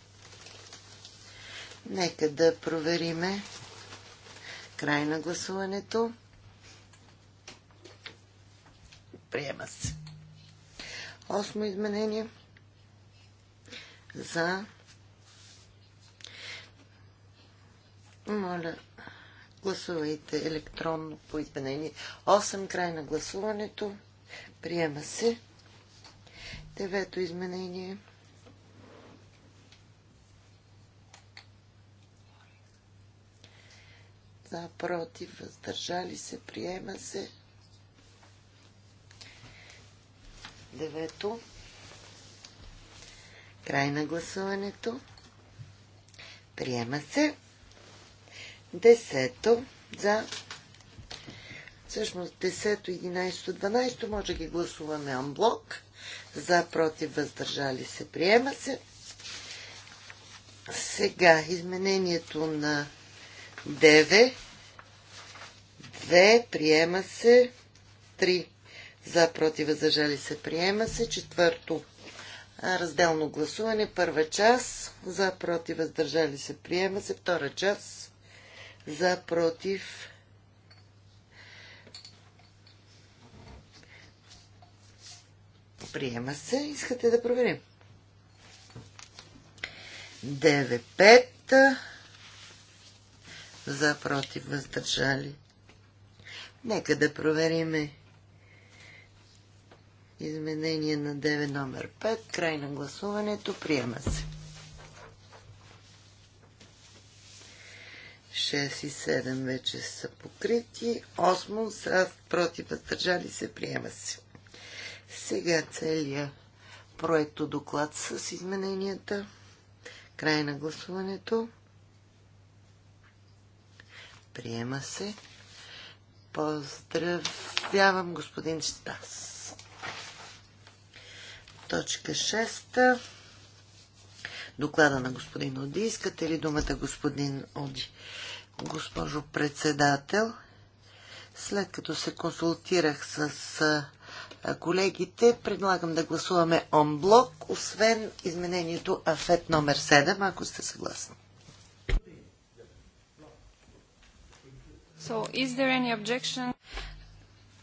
Нека да провериме край на гласуването. Приема се. Осмо изменение за моля гласувайте електронно по изменение 8 край на гласуването приема се девето изменение за, против, въздържали се, приема се. Девето. Край на гласуването. Приема се. Десето за всъщност десето, 11, 12 може да ги гласуваме анблок. За, против, въздържали се, приема се. Сега изменението на 9. 2 приема се. 3 за против въздържали се приема се. Четвърто разделно гласуване. Първа част за против въздържали се приема се. Втора част за против приема се. Искате да проверим. 9-5 за против въздържали. Нека да провериме Изменение на 9 номер 5. Край на гласуването. Приема се. 6 и 7 вече са покрити. 8 са против въздържали се. Приема се. Сега целият проекто доклад с измененията. Край на гласуването. Приема се. Поздравявам господин Стас точка 6. Доклада на господин Оди. Искате ли думата господин Оди? Госпожо председател, след като се консултирах с колегите, предлагам да гласуваме онблок, освен изменението АФЕТ номер 7, ако сте съгласни. So,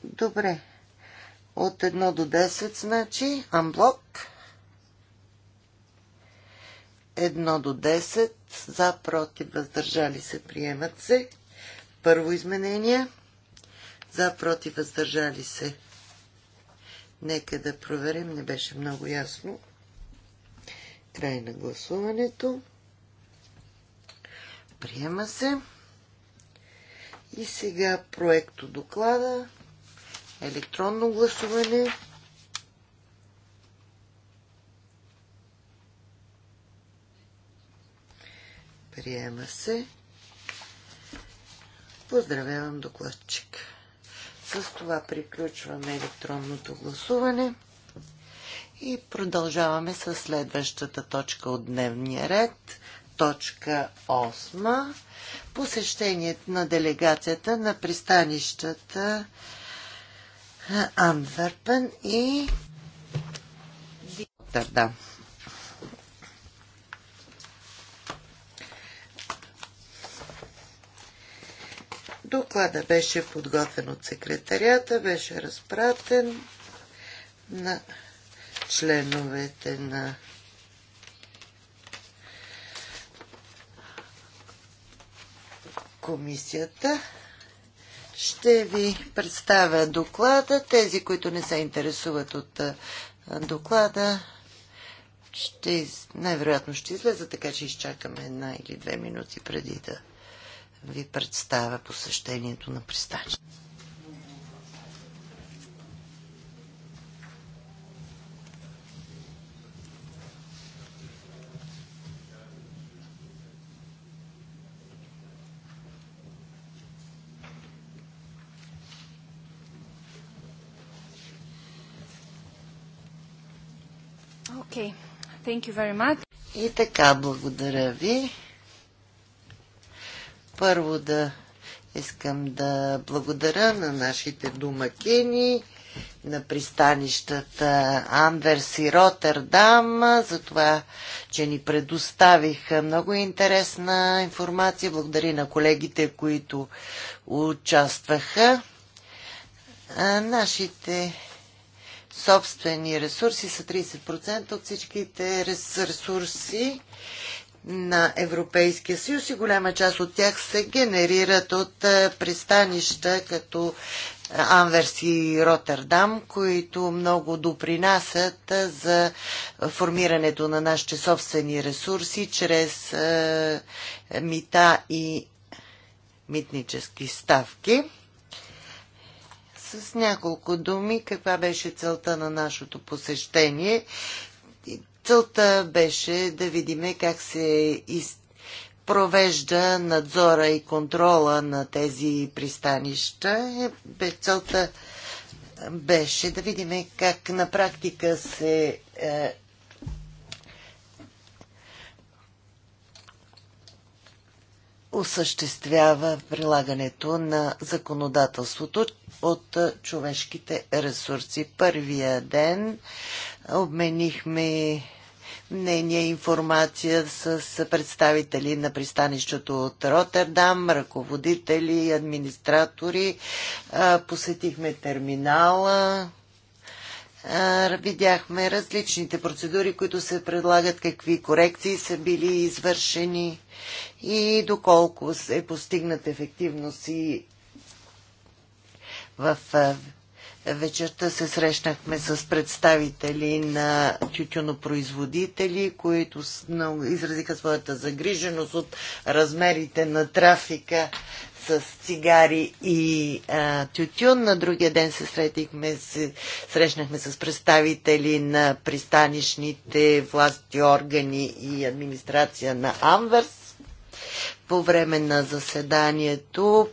Добре. От 1 до 10, значи, амблок. 1 до 10, за, против, въздържали се, приемат се. Първо изменение, за, против, въздържали се. Нека да проверим, не беше много ясно. Край на гласуването. Приема се. И сега проекто доклада електронно гласуване. Приема се. Поздравявам докладчик. С това приключваме електронното гласуване и продължаваме с следващата точка от дневния ред. Точка 8. Посещението на делегацията на пристанищата Антверпен и Роттердам. Доклада беше подготвен от секретарията, беше разпратен на членовете на комисията. Ще ви представя доклада. Тези, които не се интересуват от доклада, ще, най-вероятно ще излеза, така че изчакаме една или две минути преди да ви представя посещението на пристанището. Thank you very much. И така, благодаря ви. Първо да искам да благодаря на нашите домакини, на пристанищата Амверс и Роттердам, за това, че ни предоставих много интересна информация. Благодаря на колегите, които участваха. А, нашите собствени ресурси са 30% от всичките ресурси на Европейския съюз и голяма част от тях се генерират от е, пристанища като е, Анверс и Роттердам, които много допринасят е, за формирането на нашите собствени ресурси чрез мита и митнически ставки с няколко думи каква беше целта на нашето посещение. Целта беше да видим как се из... провежда надзора и контрола на тези пристанища. Е, целта беше да видим как на практика се е, осъществява прилагането на законодателството от човешките ресурси. Първия ден обменихме мнение, информация с представители на пристанището от Роттердам, ръководители, администратори. Посетихме терминала, видяхме различните процедури, които се предлагат, какви корекции са били извършени и доколко е постигнат ефективност и в вечерта се срещнахме с представители на тютюнопроизводители, които изразиха своята загриженост от размерите на трафика с цигари и а, тютюн. На другия ден се срещнахме, се, срещнахме с представители на пристанищните власти, органи и администрация на Амверс. По време на заседанието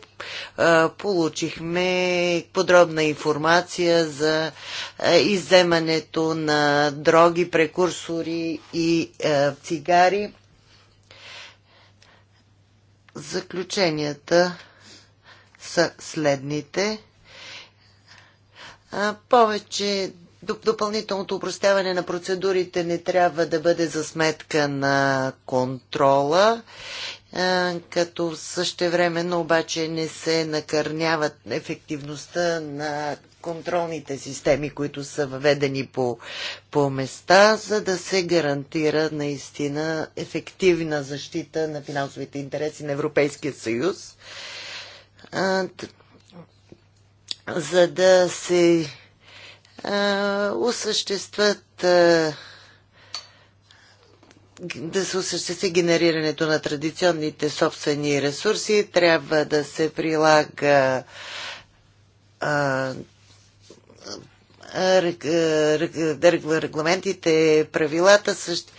а, получихме подробна информация за а, изземането на дроги, прекурсори и а, цигари Заключенията са следните. Повече допълнителното упростяване на процедурите не трябва да бъде за сметка на контрола като същевременно обаче не се накърняват ефективността на контролните системи, които са въведени по, по места, за да се гарантира наистина ефективна защита на финансовите интереси на Европейския съюз, за да се осъществят да се осъществи генерирането на традиционните собствени ресурси, трябва да се прилага а, регламентите, правилата също,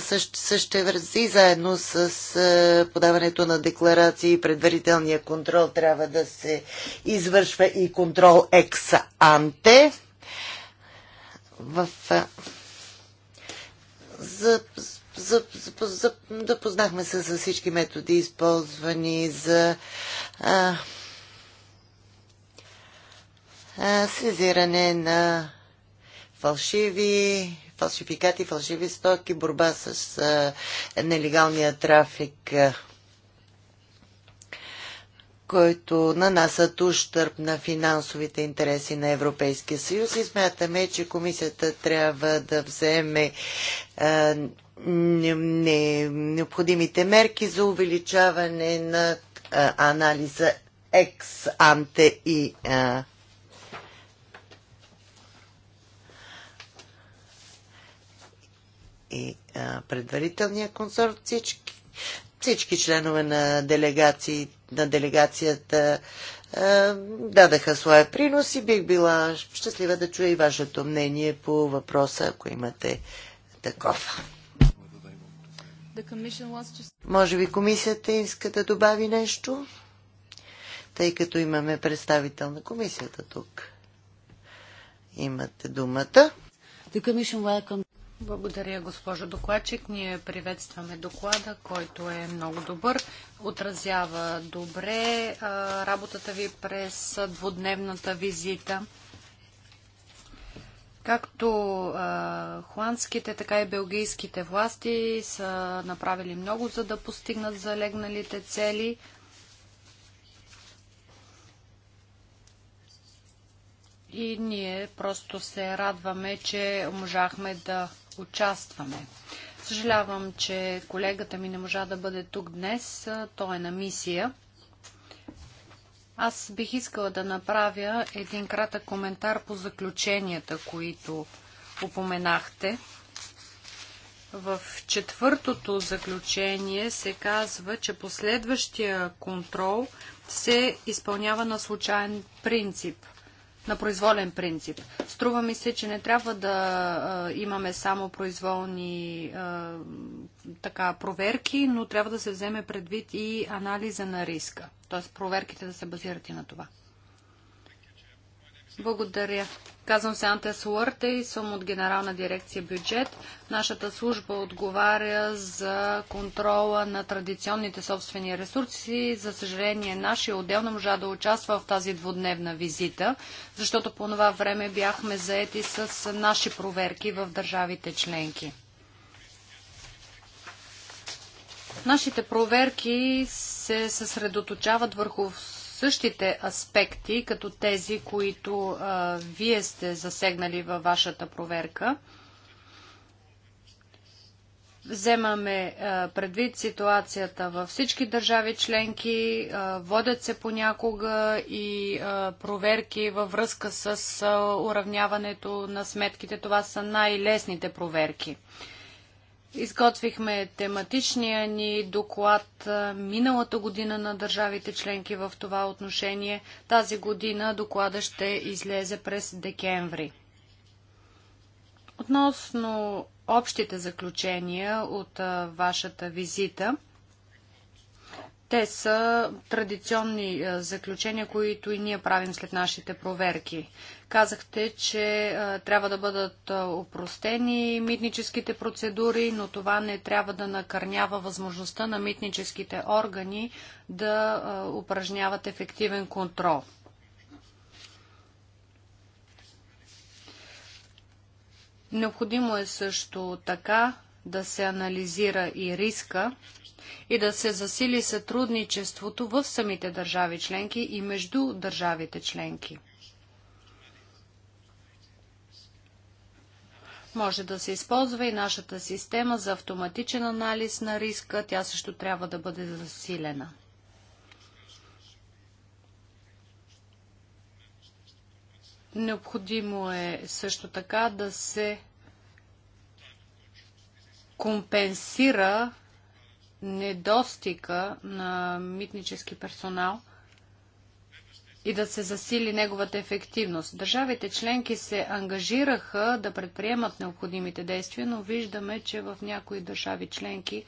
също, също вързи, заедно с подаването на декларации и предварителния контрол трябва да се извършва и контрол екс-анте в за, запознахме се с всички методи, използвани за а, а, сезиране на фалшиви фалшификати, фалшиви стоки, борба с а, нелегалния трафик, а, който нанасят ущърп на финансовите интереси на Европейския съюз и смятаме, че комисията трябва да вземе а, необходимите мерки за увеличаване на анализа екс анте и а, и а, предварителния консорт всички, всички членове на, делегации, на делегацията а, дадаха своя принос и бих била щастлива да чуя и вашето мнение по въпроса, ако имате такова. Може би комисията иска да добави нещо, тъй като имаме представител на комисията тук. Имате думата. Благодаря, госпожо докладчик. Ние приветстваме доклада, който е много добър. Отразява добре работата ви през двудневната визита. Както а, хуанските, така и белгийските власти са направили много, за да постигнат залегналите цели. И ние просто се радваме, че можахме да участваме. Съжалявам, че колегата ми не можа да бъде тук днес. Той е на мисия. Аз бих искала да направя един кратък коментар по заключенията, които упоменахте. В четвъртото заключение се казва, че последващия контрол се изпълнява на случайен принцип – на произволен принцип. Струва ми се, че не трябва да а, имаме само произволни а, така, проверки, но трябва да се вземе предвид и анализа на риска. Т.е. проверките да се базират и на това. Благодаря. Казвам се Анте Суърте и съм от Генерална дирекция бюджет. Нашата служба отговаря за контрола на традиционните собствени ресурси. За съжаление, нашия отдел не можа да участва в тази двудневна визита, защото по това време бяхме заети с наши проверки в държавите членки. Нашите проверки се съсредоточават върху същите аспекти, като тези, които а, вие сте засегнали във вашата проверка. Вземаме а, предвид ситуацията във всички държави членки, а, водят се понякога и а, проверки във връзка с а, уравняването на сметките. Това са най-лесните проверки. Изготвихме тематичния ни доклад миналата година на държавите членки в това отношение. Тази година доклада ще излезе през декември. Относно общите заключения от вашата визита – те са традиционни е, заключения, които и ние правим след нашите проверки. Казахте, че е, трябва да бъдат е, опростени митническите процедури, но това не трябва да накърнява възможността на митническите органи да упражняват ефективен контрол. Необходимо е също така да се анализира и риска, и да се засили сътрудничеството в самите държави членки и между държавите членки. Може да се използва и нашата система за автоматичен анализ на риска. Тя също трябва да бъде засилена. Необходимо е също така да се компенсира недостига на митнически персонал и да се засили неговата ефективност. Държавите членки се ангажираха да предприемат необходимите действия, но виждаме, че в някои държави членки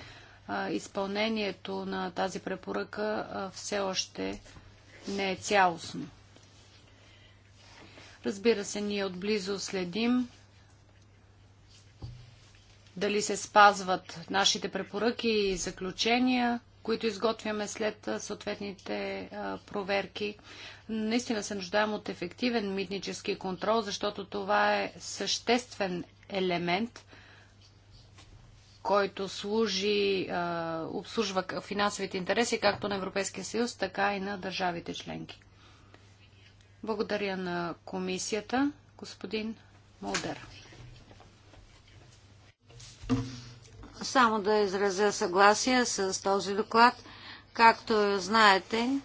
а, изпълнението на тази препоръка а, все още не е цялостно. Разбира се, ние отблизо следим дали се спазват нашите препоръки и заключения, които изготвяме след съответните проверки. Наистина се нуждаем от ефективен митнически контрол, защото това е съществен елемент, който служи, обслужва финансовите интереси както на Европейския съюз, така и на държавите членки. Благодаря на комисията, господин Молдер. Само да изразя съгласие с този доклад. Както знаете,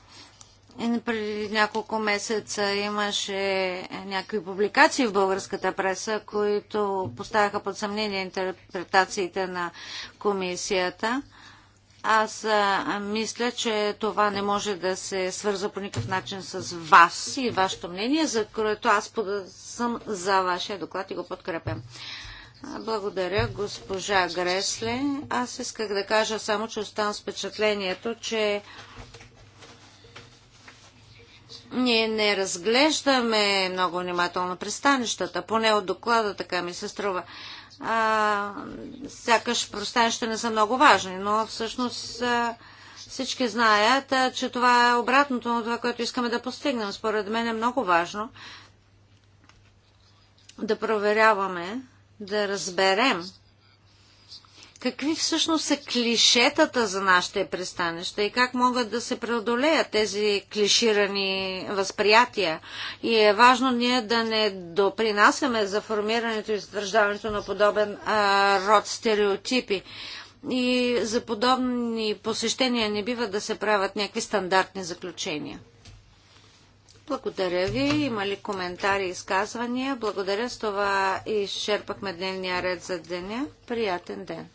преди няколко месеца имаше някакви публикации в българската преса, които поставяха под съмнение интерпретациите на комисията. Аз мисля, че това не може да се свърза по никакъв начин с вас и вашето мнение, за което аз съм за вашия доклад и го подкрепям. Благодаря, госпожа Гресле. Аз исках да кажа само, че оставам с впечатлението, че ние не разглеждаме много внимателно пристанищата, поне от доклада така ми се струва. А, сякаш пристанищата не са много важни, но всъщност а, всички знаят, а, че това е обратното на това, което искаме да постигнем. Според мен е много важно да проверяваме да разберем какви всъщност са клишетата за нашите пристанища и как могат да се преодолеят тези клиширани възприятия. И е важно ние да не допринасяме за формирането и задържаването на подобен а, род стереотипи. И за подобни посещения не бива да се правят някакви стандартни заключения. Благодаря ви. Има ли коментари и изказвания? Благодаря. С това изчерпахме дневния ред за деня. Приятен ден!